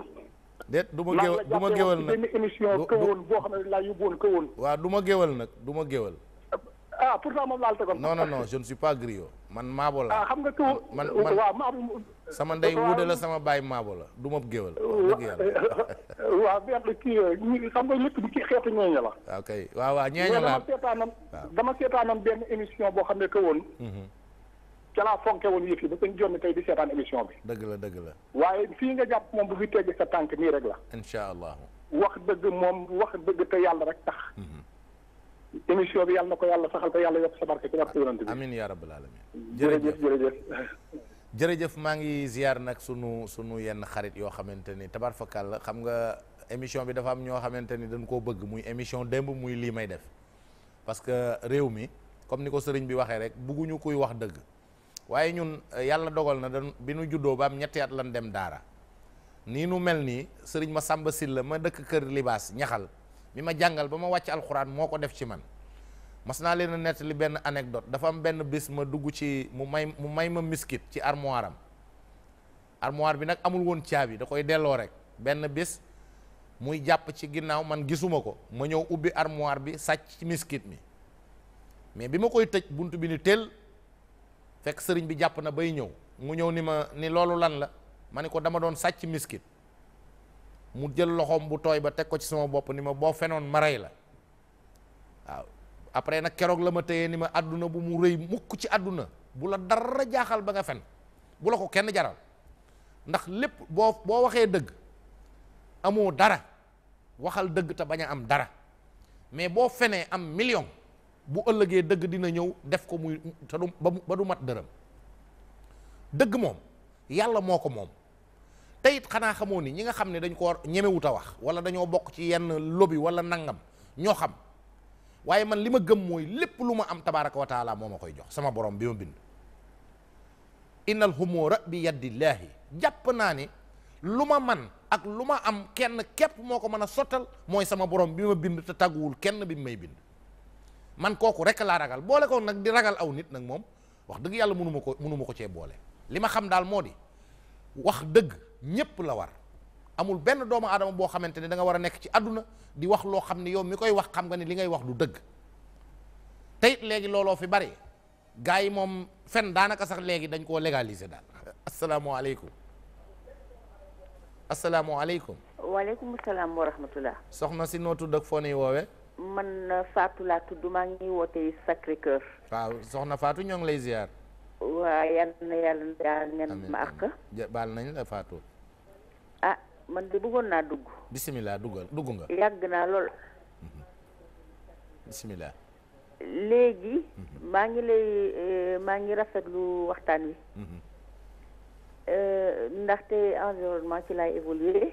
de du ma géwél du ma géwél nag benn émission boo xam ne laa yóbbuwoon këwoon. waaw du ma géwél nag du ma géwél. ah pourtant moom laal tegoon. non non non je ne suis pas griot. man maabo la ah, xam nga tu man man waaw maabo sama ndey wuude la sama baay maabo la du ma géwal dëgg yàlla waaw benn kii xam nga lépp ci xeetu ñeeña la ah, waaw kay waa waaw ñeeña la dama seetaanam dama seetaanam benn émission boo xam ne que woon mhm. ca laa fonke woon yëf yi ba sañ jonni tey di seetaan émission bi dëgg la dëgg la waaye fii nga jàpp moom bu fi tegg sa tànk nii rek la incha allah wax dëgg moom wax dëgg te yàlla rek tax mhm. émission bi yàlla na ko yàlla saxal ko yàlla yokk sa barke ci barke yonent bi amiin yaa rabbal aalamiin jërëjëf jërëjëf maa ngi ziar nag sunu sunu yenn xarit yoo xamante ni la xam nga émission bi dafa am ñoo xamante ni dañ koo bëgg muy émission démb muy lii may def parce que réew mi comme ni ko sëriñ bi waxee rek bugguñu kuy wax dëgg waaye ñun yàlla dogal na dañ bi nu juddoo ba am ñetti at lan dem daara nii nu mel nii sëriñ ma Samba Sylla ma dëkk kër libaas ñaxal bi ma jàngal ba ma wàcc alxuraan moo ko def ci man mas naa leen a nettali benn anecdote dafa am benn bés ma dugg ci mu may mu may ma miskit ci armoire am armoire bi nag amul woon caabi da koy delloo rek benn bés muy jàpp ci ginnaaw man gisuma ko ma ñëw ubbi armoire bi sàcc miskit mi mais bi ma koy tëj bunt bi ni teel fekk sëriñ bi jàpp na bay ñëw mu ñëw ni ma ni loolu lan la ma ni ko dama doon sàcc miskit mu jël loxoom bu tooy ba teg ko ci sama bopp ni ma boo fenoon ma rey la waaw après nag keroog la ma téyee ni ma àdduna bu mu rëy mukk ci àdduna bu la dara jaaxal ba nga fen bu la ko kenn jaral ndax lépp boo boo waxee dëgg amoo dara waxal dëgg te bañ a am dara mais boo fenee am million bu ëllëgee dëgg dina ñëw def ko muy te du ba du mat dërëm dëgg moom yàlla moo ko moom te it xanaa xamoo ni ñi nga xam ne dañ ko ñemewut wax wala dañoo bokk ci yenn lobi wala nangam ñoo xam waaye man li ma gëm mooy lépp lu ma am tabaraka wa moo ma koy jox sama borom bi ma bind innal humura bi yaddillaahi jàpp naa ne lu ma man ak lu ma am kenn képp moo ko mën a sottal mooy sama borom bi ma bind te tagguwul kenn bi may bind man kooku rek laa ragal boole ko nag di ragal aw nit nag moom wax dëgg yàlla mënuma ko mënuma ko cee boole li ma xam daal moo di wax dëgg ñépp la war amul benn doomu aadama boo xamante ne danga war a nekk ci àdduna di wax loo xam ne yow mi koy wax xam nga ne li ngay wax du dëgg te léegi looloo fi bari gars yi moom fen daanaka sax léegi dañ koo légaliser daal asalaamaaleykum asalaamaaleykum waaleykum salaam wa rahmatullah soxna si noo tudd ak foo nuy woowee man Fatou laa tudd maa ngi wootee Sacré Cœur waaw soxna faatu ñoo ngi lay ziar waa yal na yàlla daal ngeen ma àq baal man de bëggoon naa dugg. bisimilah duggal dugg nga. yàgg naa lool. Mhm. bisimilah. léegi. Mhm. maa ngi lay euh, maa ngi rafetlu waxtaan wi. Mhm. Euh, ndaxte environnement ci laay évoluer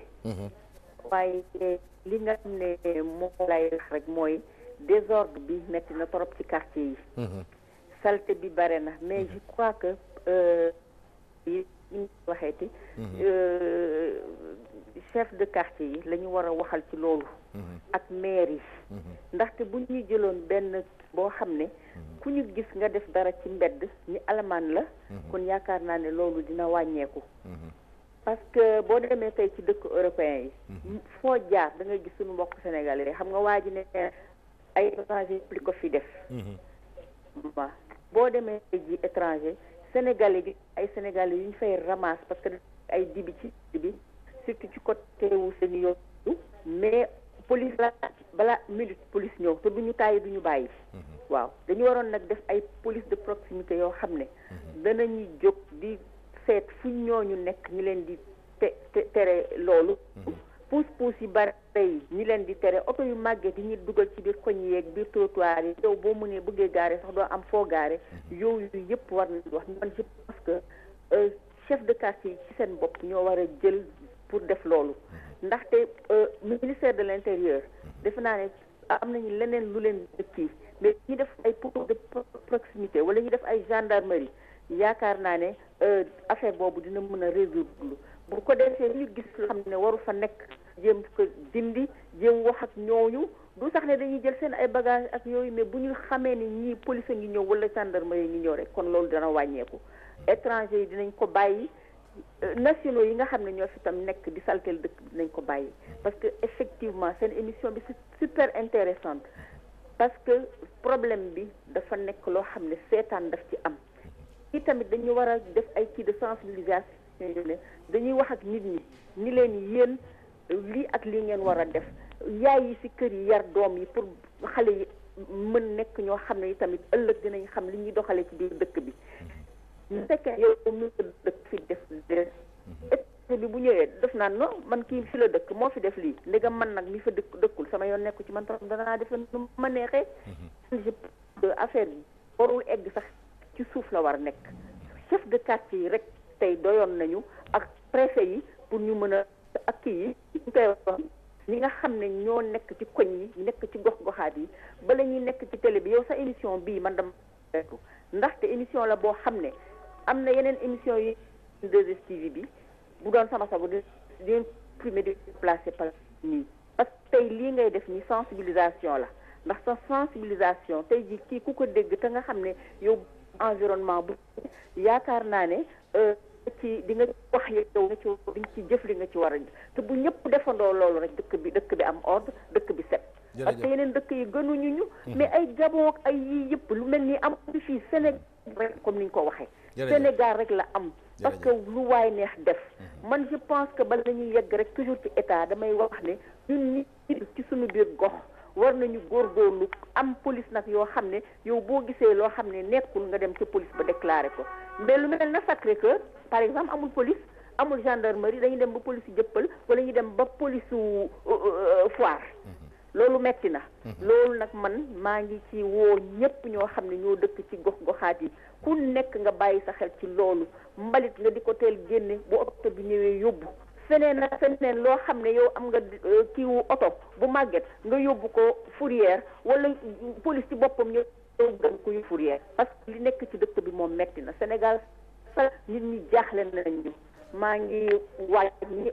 waaye li nga xam ne moo lay wax rek mooy désordre bi metti na trop ci quartier yi. saleté bi bare na mais je crois que. Euh, ñu waxeeti mhm. euh, chef de quartier yi lañu ñu war a waxal ci loolu mhm. ak maire yi mhm. ndaxte bu ñuy jëloon benn boo xam ne ku ñu gis nga def dara ci mbedd ñi alamaan la kon yaakaar naa ne loolu dina wàññeeku parce que boo demee tey ci dëkk européen yi foo jaar da nga gis suñu mbokku sénégalais yi xam nga waa ji ne ay étranger li ko fi def boo demee tey ji étranger Sénégalais bi ay Sénégalais yu ñu fay ramasse parce que ay dibi ci dibi surtout ci côté wu seen yoon mais police la bala minute police ñoo te duñu tàyyi duñu bàyyi. Mhm. waaw dañu waroon nag def ay police de proximité yoo xam ne. Mhm. danañu jóg di seet fu ñooñu nekk ñu leen di te tere loolu. Mhm. puus-puus yi bare yi ñi leen di tere oto yu màgget yi ñi dugal ci biir koñ yeeg biir trottoir yi yow boo nee bëggee gaare sax doo am foo gaare mhm. yow yu yëpp war nañ wax man je pense que euh, chef de quartier yi ci seen bopp ñoo war a jël pour def loolu mhm. ndaxte euh, ministère de l'intérieur mhm. defe naa ne am nañu leneen lu leen dëkk mais ñu def ay poste de proximité wala ñu def ay gendarmerie yaakaar naa ne euh, affaire boobu dina mën a résoudre bu ko fa nekk jéem ko dindi jéem wax ak ñooñu du sax ne dañuy jël seen ay bagage ak yooyu mais bu ñu xamee ni ñii police ngi ñëw wala gendarmerie ngi ñëw rek kon loolu dana wàññeeku étranger yi dinañ ko bàyyi euh, nationaux yi nga xam ne ñoo fi tam nekk di saltel dëkk dinañ ko bàyyi parce que effectivement seen émission bi c'est super intéressante parce que problème bi dafa nekk loo xam ne seetaan daf ci am kii tamit dañu war a def ay kii de sensibilisation dañuy wax ak nit ñi lii ak lii ngeen war a def yaay yi ci kër yi yar doom yi pour xale yi mën nekk ñoo xam ne tamit ëllëg dinañ xam li ñuy doxale ci biir dëkk bi bu mhm. fekkee yow def état mhm. bu ñëwee def naa non man kii fi la dëkk moo fi def lii ndegam man nag mi fa dëkk dëkkul sama yoon nekku ci man tam danaa defe nu ma neexee mhm. affaire bi warul egg sax ci suuf la war a nekk chef de quartier yi rek tey doyoon nañu ak préfet yi pour ñu mën a ak kii yi ñu koy wax ñi nga xam ne ñoo nekk ci koñ yi nekk ci gox-goxaat yi bala ñuy nekk ci télé bi yow sa émission bii man dama ko ndaxte émission la boo xam ne am na yeneen émission yi 2STV bi bu doon sama sago di leen primé di placé par nii parce tey lii ngay def ni sensibilisation la ndax sa sensibilisation tey ji kii ku ko dégg te nga xam ne yow environnement bu yaakaar naa ne euh, ci di nga wax yow nga ci di nga ci jëf li nga ci war a te bu ñëpp defandoo loolu rek dëkk bi dëkk bi am ordre dëkk bi set parce que yeneen dëkk yi gënuñu ñu mhm. mais ay Gabon ay yii yëpp lu mel ni am fii Sénégal rek comme ni ñu ko waxee Sénégal rek la am parce que lu waay neex def mhm. man je pense que bala ñuy yegg rek toujours ci état damay wax ne ñun nit ci suñu biir gox war nañu góor góorgóorlu am police nag yoo xam ne yow boo gisee loo xam ne nekkul nga dem ca police ba déclaré ko mais lu mel na sacré que par exemple amul police amul gendarmerie dañuy dem ba police jëppal wala ñu dem ba police su euh, euh, Foire mhm. loolu metti na mhm. loolu nag man maa ngi ci woo ñépp ñoo xam ne ñoo dëkk ci gox goxaat yi ku nekk nga bàyyi sa xel ci loolu mbalit nga di ko teel génne bu oto bi ñëwee yóbbu feneen ak feneen loo xam ne yow am nga euh, kiiwu oto bu màgget nga yóbbu ko fourier wala police ci boppam ñëw gën kuy fourrière li nekk ci dëkk bi moom metti na Sénégal sax nit ñi jaaxle nañu maa ngi waaj ñi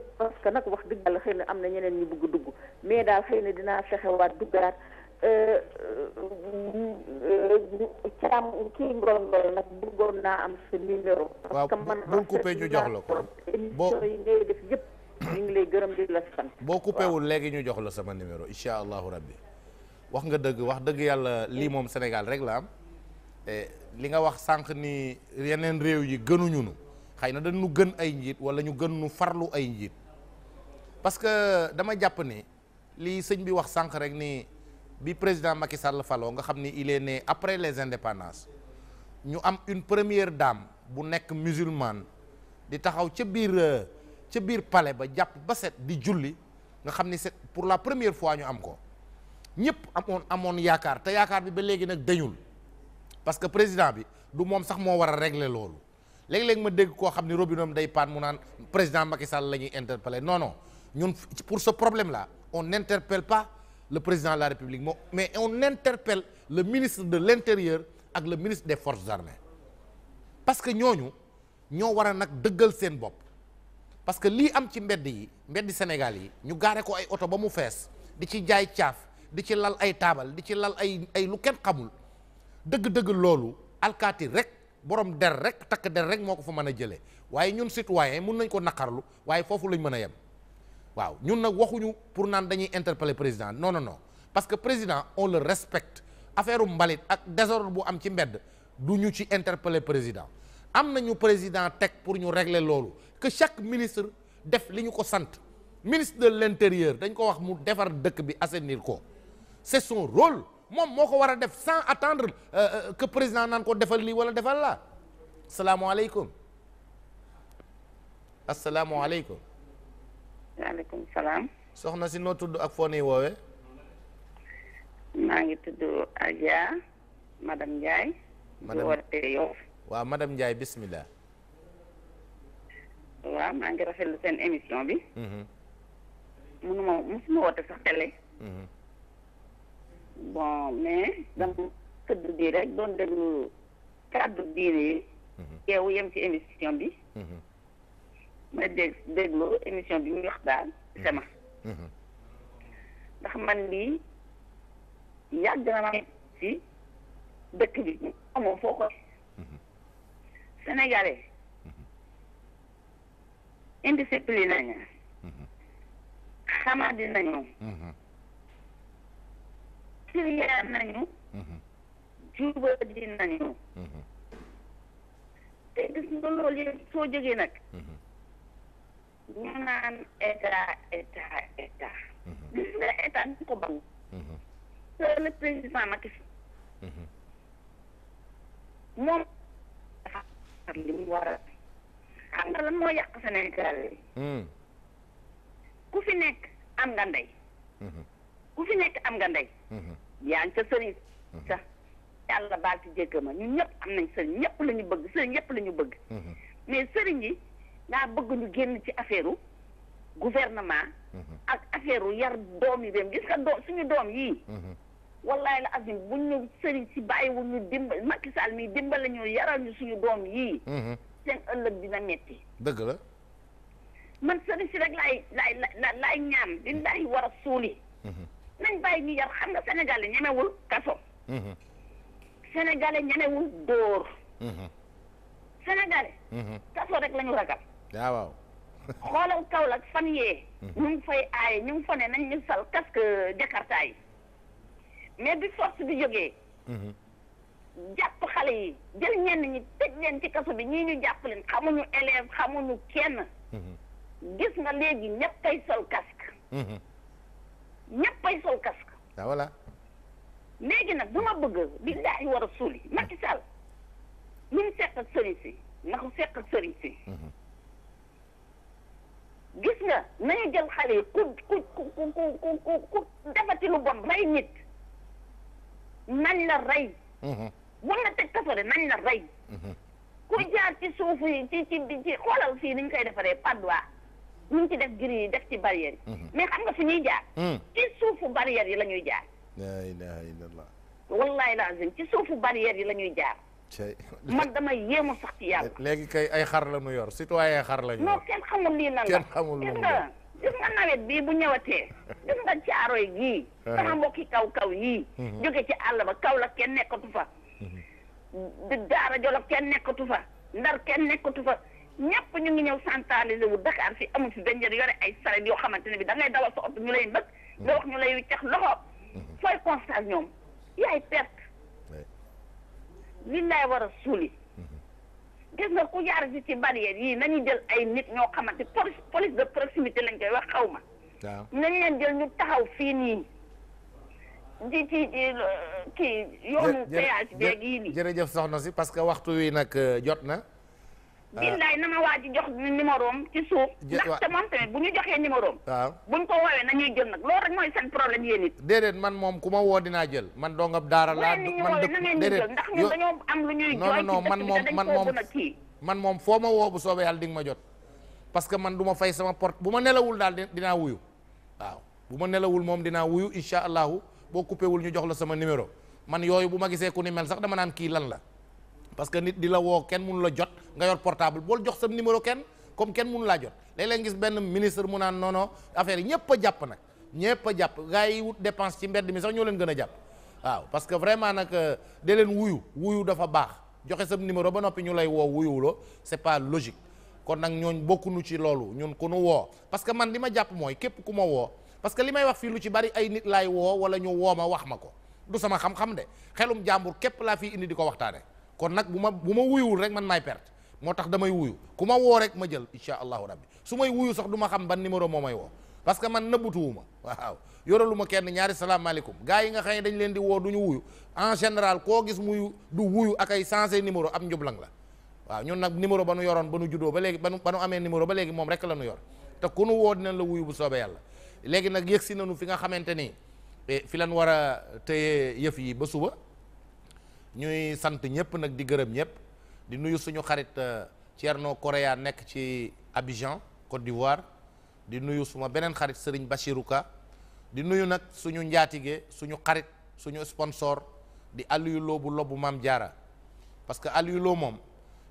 nag wax dëgg yàlla xëy na am na ñeneen ñu bugg dugg mais daal xëy na dinaa fexewaat duggaat càmm kii ngongol nag bëggoon naa am sa numéro. parce man bul coupé ñu jox la ko boo émission yi ñu léegi ñu jox la sama numéro incha allahu rabbi wax nga dëgg wax dëgg yàlla lii moom senegal rek la am e, li nga wax sànq ni yeneen réew yi gënuñu nu xëy na dañu gën ay njiit wala ñu gën nu farlu ay njiit parce que dama jàpp ni lii sëñ bi wax sànq rek nii bi président Macky Sall faloo nga xam ni il est après les indépendances ñu am une première dame bu nekk musulmane di taxaw ca biir ca biir pale ba jàpp ba set di julli nga xam ni c'est pour la première fois ñu am ko ñëpp amoon amoon yaakaar te yaakaar bi ba léegi nag dañul parce que président bi du moom sax moo war a régler loolu léeg-léeg ma dégg koo xam ni robinom day paan mu naan président Macky Sall la ñuy interpeller non non pour ce problème là le président de la République moo mais on interpelle le ministre de l'intérieur ak le ministre des forces armées parce que ñooñu ñoo war a nag dëggal seen bopp parce que lii am ci mbedd yi mbedd Sénégal yi ñu gaare ko ay oto ba mu fees di ci jaay caaf di ci lal ay taabal di ci lal ay ay lu kenn xamul dëgg-dëgg loolu alkaati rek borom der rek takk der rek moo ko fa mën a jëlee waaye ñun citoyen mun nañ ko naqarlu waaye foofu lañ mën a yem waaw ñun nag waxuñu pour naan dañuy interpeller président non non non parce que président on le respecte affaire mbalit ak désordre bu am ci mbedd du ñu ci interpeller président am na ñu président teg pour ñu régler loolu que chaque ministre def li ñu ko sant ministre de l'intérieur dañ ko wax mu defar dëkk bi assainir ko c'est son rôle moom moo ko war a def sans attendre euh, euh que président naan ko defal lii wala defal laa asalaamaaleykum asalaamaaleykum waaleykum salaam. soxna si noo tudd ak foo nii woowee. maa ngi tudd Adja madame Ndiaye. madame di wootee waaw madame Ndiaye bismillah. waaw maa ngi rafetlu seen émission bi. Mhm. munuma musuma woote sax télé. Mhm. bon mais dama tëdd bii rek doon déglu kàddu diine yi. Mhm. teewu yem ci émission bi. ma dégg déglu émission bi muy wax daal sama mm-hmm. Mm-hmm. ndax man lii yàgg na dëkk bi amoo foo ko mm-hmm. sénégalais indiscipliné nañu xamadi nañu siriyaar nañu jubadi nañu te gis nga loolu yëpp soo jógee nag ñu naan état état état. gis nga ko bañ. c'est le président Macky Sall. Mhm. moom dafa am li mu war a. xam nga lan moo yàq Sénégal yi. Mhm. ku fi nekk am nga ndey. Mhm. ku fi nekk am nga ndey. yaa ngi ca sëriñ sax yàlla baal ci jégg ma ñun ñëpp am nañ sëriñ ñëpp la ñu bëgg sëriñ ñëpp la ñu bëgg. mais sëriñ yi. daa bëgg ñu génn ci affaire gouvernement. Mhm. ak affaire yar doom yi dem gis nga doom suñu doom yii. Mhm. wallahi la azim buñ ñu sëriñ si bàyyiwul ñu dimbal Macky Sall mi dimbale ñu yaral suñu doom yii. Mhm. seen ëllëg dina metti dëgg la. man sëriñ si rek laay laay la laay ñaan di laay war a suuli. nañ bàyyi ñu yar xam nga Sénégal ñemewul kaso. Sénégal ñemewul dóor. Sénégal. kaso rek la ragal. waaw waaw. xoolal Kaolack fan yee. Hmm. ñu ngi fay aay ñu ngi fa ne nañ ñu sal casque jakarta yi mais bi force bi jógee. Hmm. jàpp xale yi jël ñenn ñi tëj leen ci kaso bi ñii ñu jàpp leen xamuñu élève xamuñu kenn. Hmm. gis nga léegi ñëppay sol casque. ñëppay sol casque. Ah, léegi nag dama bëgg billaahi wa rasuuli Macky Sall lu mu seq ak sëriñ si na ko seq ak sëriñ si. gis nga nañu jël xale yi ku ku ku ku ku ku defati lu bon rey nit nañ la rey. Mhm. wala teg kaso de nañ la rey. Mhm. ku jaar ci suuf yi ci ci ci fii ni ñu koy defaree padois ñu ngi ci def gris yi def ci barrière yi. Mhm. xam nga fi ñuy jaar. ci suufu barrière yi la ñuy jaar. la ilaha illallah. wallahi lazim ci suufu barrière yi la ñuy jaar. man dama yéemu sax ci yàlla. léegi kay ay xar la nu yor citoyen xar la ñu. non kenn xamul lii nan la kenn xamul lu nga gis nga nawet bii bu ñëwatee. gis nga caaroy gii. Uh-huh. sama mbokki kaw kaw yii. Uh-huh. jóge ci àll ba kaw la kenn nekkatu fa. Uh-huh. daara jolof kenn nekkatu fa. ndar kenn nekkatu fa. ñëpp ñu ngi ñëw centralisé wu Dakar fi amul fi benn yore ay saret yoo xamante ne bi da ngay dawal ñu lay mbëkk. nga wax ñu lay cax loxo. fooy constat li lillaay war a suuli gis nga ku jaar si ci barrière yii nañu jël ay nit ñoo xamante police police de proximité lañ koy wax xaw nañ leen jël ñu taxaw fii nii di ci euh, kii yoonu péage beeg yii nii jërëjëf soxna si parce que waxtu wi nag euh, jot na Ah. billaay na ma waaj jox numéro am ci suuf. ndaxte moom tamit bu ñu joxee numéro am. waaw buñ ko woowee nañuy jël nag loolu rek mooy seen problème yéen it. déedéet man moom ku ma woo dinaa jël man dongab daara laa. man dëkk déedéet am lu man moom man moom man moom foo ma woo bu soobee yàlla di nga ma jot. parce que man du ma fay sama porte bu ma nelawul daal dinaa wuyu waaw bu ma nelawul moom dinaa wuyu incha allahu boo coupé ñu jox la sama numéro man yooyu bu ma gisee ku ni mel sax dama naan kii lan la parce que nit di la woo kenn mënu la jot nga yor portable bool jox sa numéro kenn comme kenn munu laa jot léeg-léeg gis benn ministre mu naan non non affaire yi ñëpp a jàpp nag ñëpp a jàpp gars yi wut dépense ci mbedd mi sax ñoo leen gën a jàpp waaw parce que vraiment nag euh, de leen wuyu wuyu dafa baax joxe sa numéro ba noppi ñu lay woo wuyuwuloo c'est pas logique kon nag ñooñ bokkunu ci loolu ñun ku nu woo parce que man li ma jàpp mooy képp ku ma woo parce que li may wax fii lu ci bari ay nit laay woo wala ñu woo ma wax ma ko du sama xam-xam de xelum képp laa fii indi di ko waxtaane kon nag bu ma bu ma wuyuwul rek man maay perte moo tax damay wuyu ku ma woo rek ma jël incha allahu rabbi su may wuyu sax du ma xam ba numéro moo may woo parce que man nëbbutuwuma waaw yoralu ma kenn ñaari salaamaaleykum gars yi nga xam ne dañ leen di woo du ñu wuyu en général koo gis muy du wuyu ak ay sensé numéro ab njublang la waaw ñun nag numéro ba nu yoroon ba nu juddoo ba léegi ba nu ba nu amee numéro ba léegi moom rek la nu yor te ku nu woo dinañ la wuyu bu soobee yàlla léegi nag yëg si nañu fi nga xamante ni eh, fi lan war a téye yëf yi ba suba ñuy sant ñëpp nag di gërëm ñëpp di nuyu suñu xarit euh, Thierno Correa nekk ci Abidjan Côte d'Ivoire di nuyu suma beneen xarit Serigne Bachirou di nuyu nag suñu njaatige suñu xarit suñu sponsor di Aliou Lo bu lobu Maam Jaara parce que Aliou Lo moom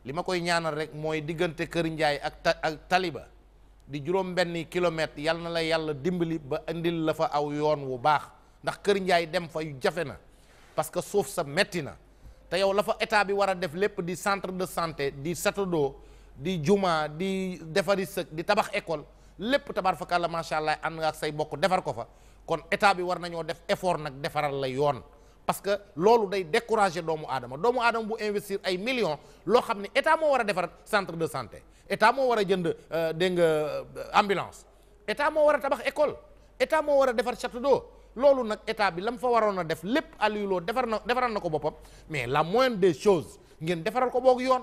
li ma koy ñaanal rek mooy diggante Kër Njaay ak ta ak Taliba di juróom benn kilomètre yal na la yàlla dimbali ba indil la fa aw yoon wu baax ndax Kër Njaay dem fa yu jafe na parce que suuf sa metti na te yow lafa état bi war a def lépp di centre de santé di château d'eau di juma di defari sëkk di tabax école lépp tabaar fakàl la macha allah ànd nga ak say bokk defar ko fa kon état bi war nañoo def effort nag defaral la yoon parce que loolu day décourager doomu aadama doomu aadama bu investir ay millions loo xam ne état moo war a defar centre de santé état moo war a jënd euh, dégg nga euh, ambulance état moo war a tabax école état moo war a defar château d'eau loolu nag état bi la mu fa waroon a def lépp Aliou Lo defar na defaral na ko boppam mais la moindre des choses ngeen defaral ko boog yoon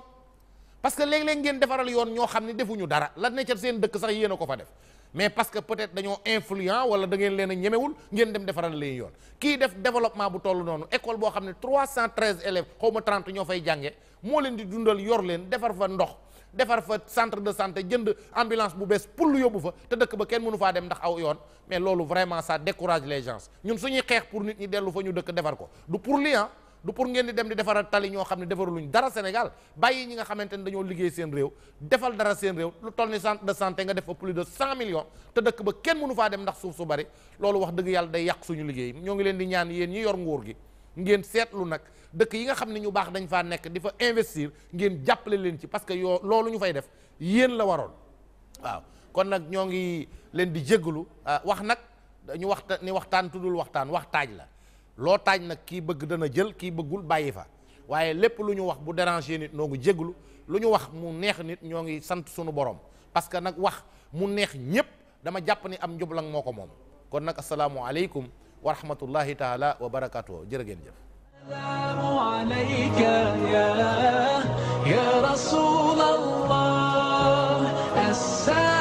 parce que léeg-léeg ngeen defaral yoon ñoo xam ne defuñu dara la ne seen dëkk sax yéen a ko fa def mais parce que peut-être dañoo influent wala da leen ñemewul ngeen dem defaral leen yoon kii def développement bu toll noonu école boo xam ne 313 élèves xaw ma 30 ñoo fay jànge moo leen di dundal yor leen defar fa ndox defar fa centre de santé jënd ambulance bu bees pour yóbbu fa te dëkk ba kenn mënu faa dem ndax aw yoon mais loolu vraiment ça décourage les gens ñun suñuy xeex pour nit ñi dellu fa ñu dëkk defar ko du pour li ah. du pour ngeen di dem di defaral tali ñoo xam ne defaruluñ dara Sénégal bàyyi ñi nga xamante ne dañoo liggéey seen réew defal dara seen réew lu toll ni centre de santé nga def fa plus de cent millions te dëkk ba kenn mënu faa dem ndax suuf su bari loolu wax dëgg yàlla day yàq suñu liggéey ñoo ngi leen di ñaan yéen ñi yor nguur gi ngeen seetlu nag dëkk yi nga xam ne ñu baax dañ faa nekk di fa investir ngeen jàppale leen ci parce que yoo loolu ñu fay def yéen la waroon waaw kon nag ñoo ngi leen di jégalu ah, wax nag ñu waxta ni waxtaan tuddul waxtaan wax taaj la loo taaj nag kii bëgg dana jël kii bëggul bàyyi fa waaye lépp lu ñu wax bu déranger nit noo ngi jégalu lu ñu wax mu neex nit ñoo ngi sant sunu borom parce que nag wax mu neex ñépp dama jàpp ni am njublang moo ko moom kon nag asalaamualeykum wa rahmatullahi taala wa barakaatu jërë ngeen jëf salaamu alayka ya ya rasul allah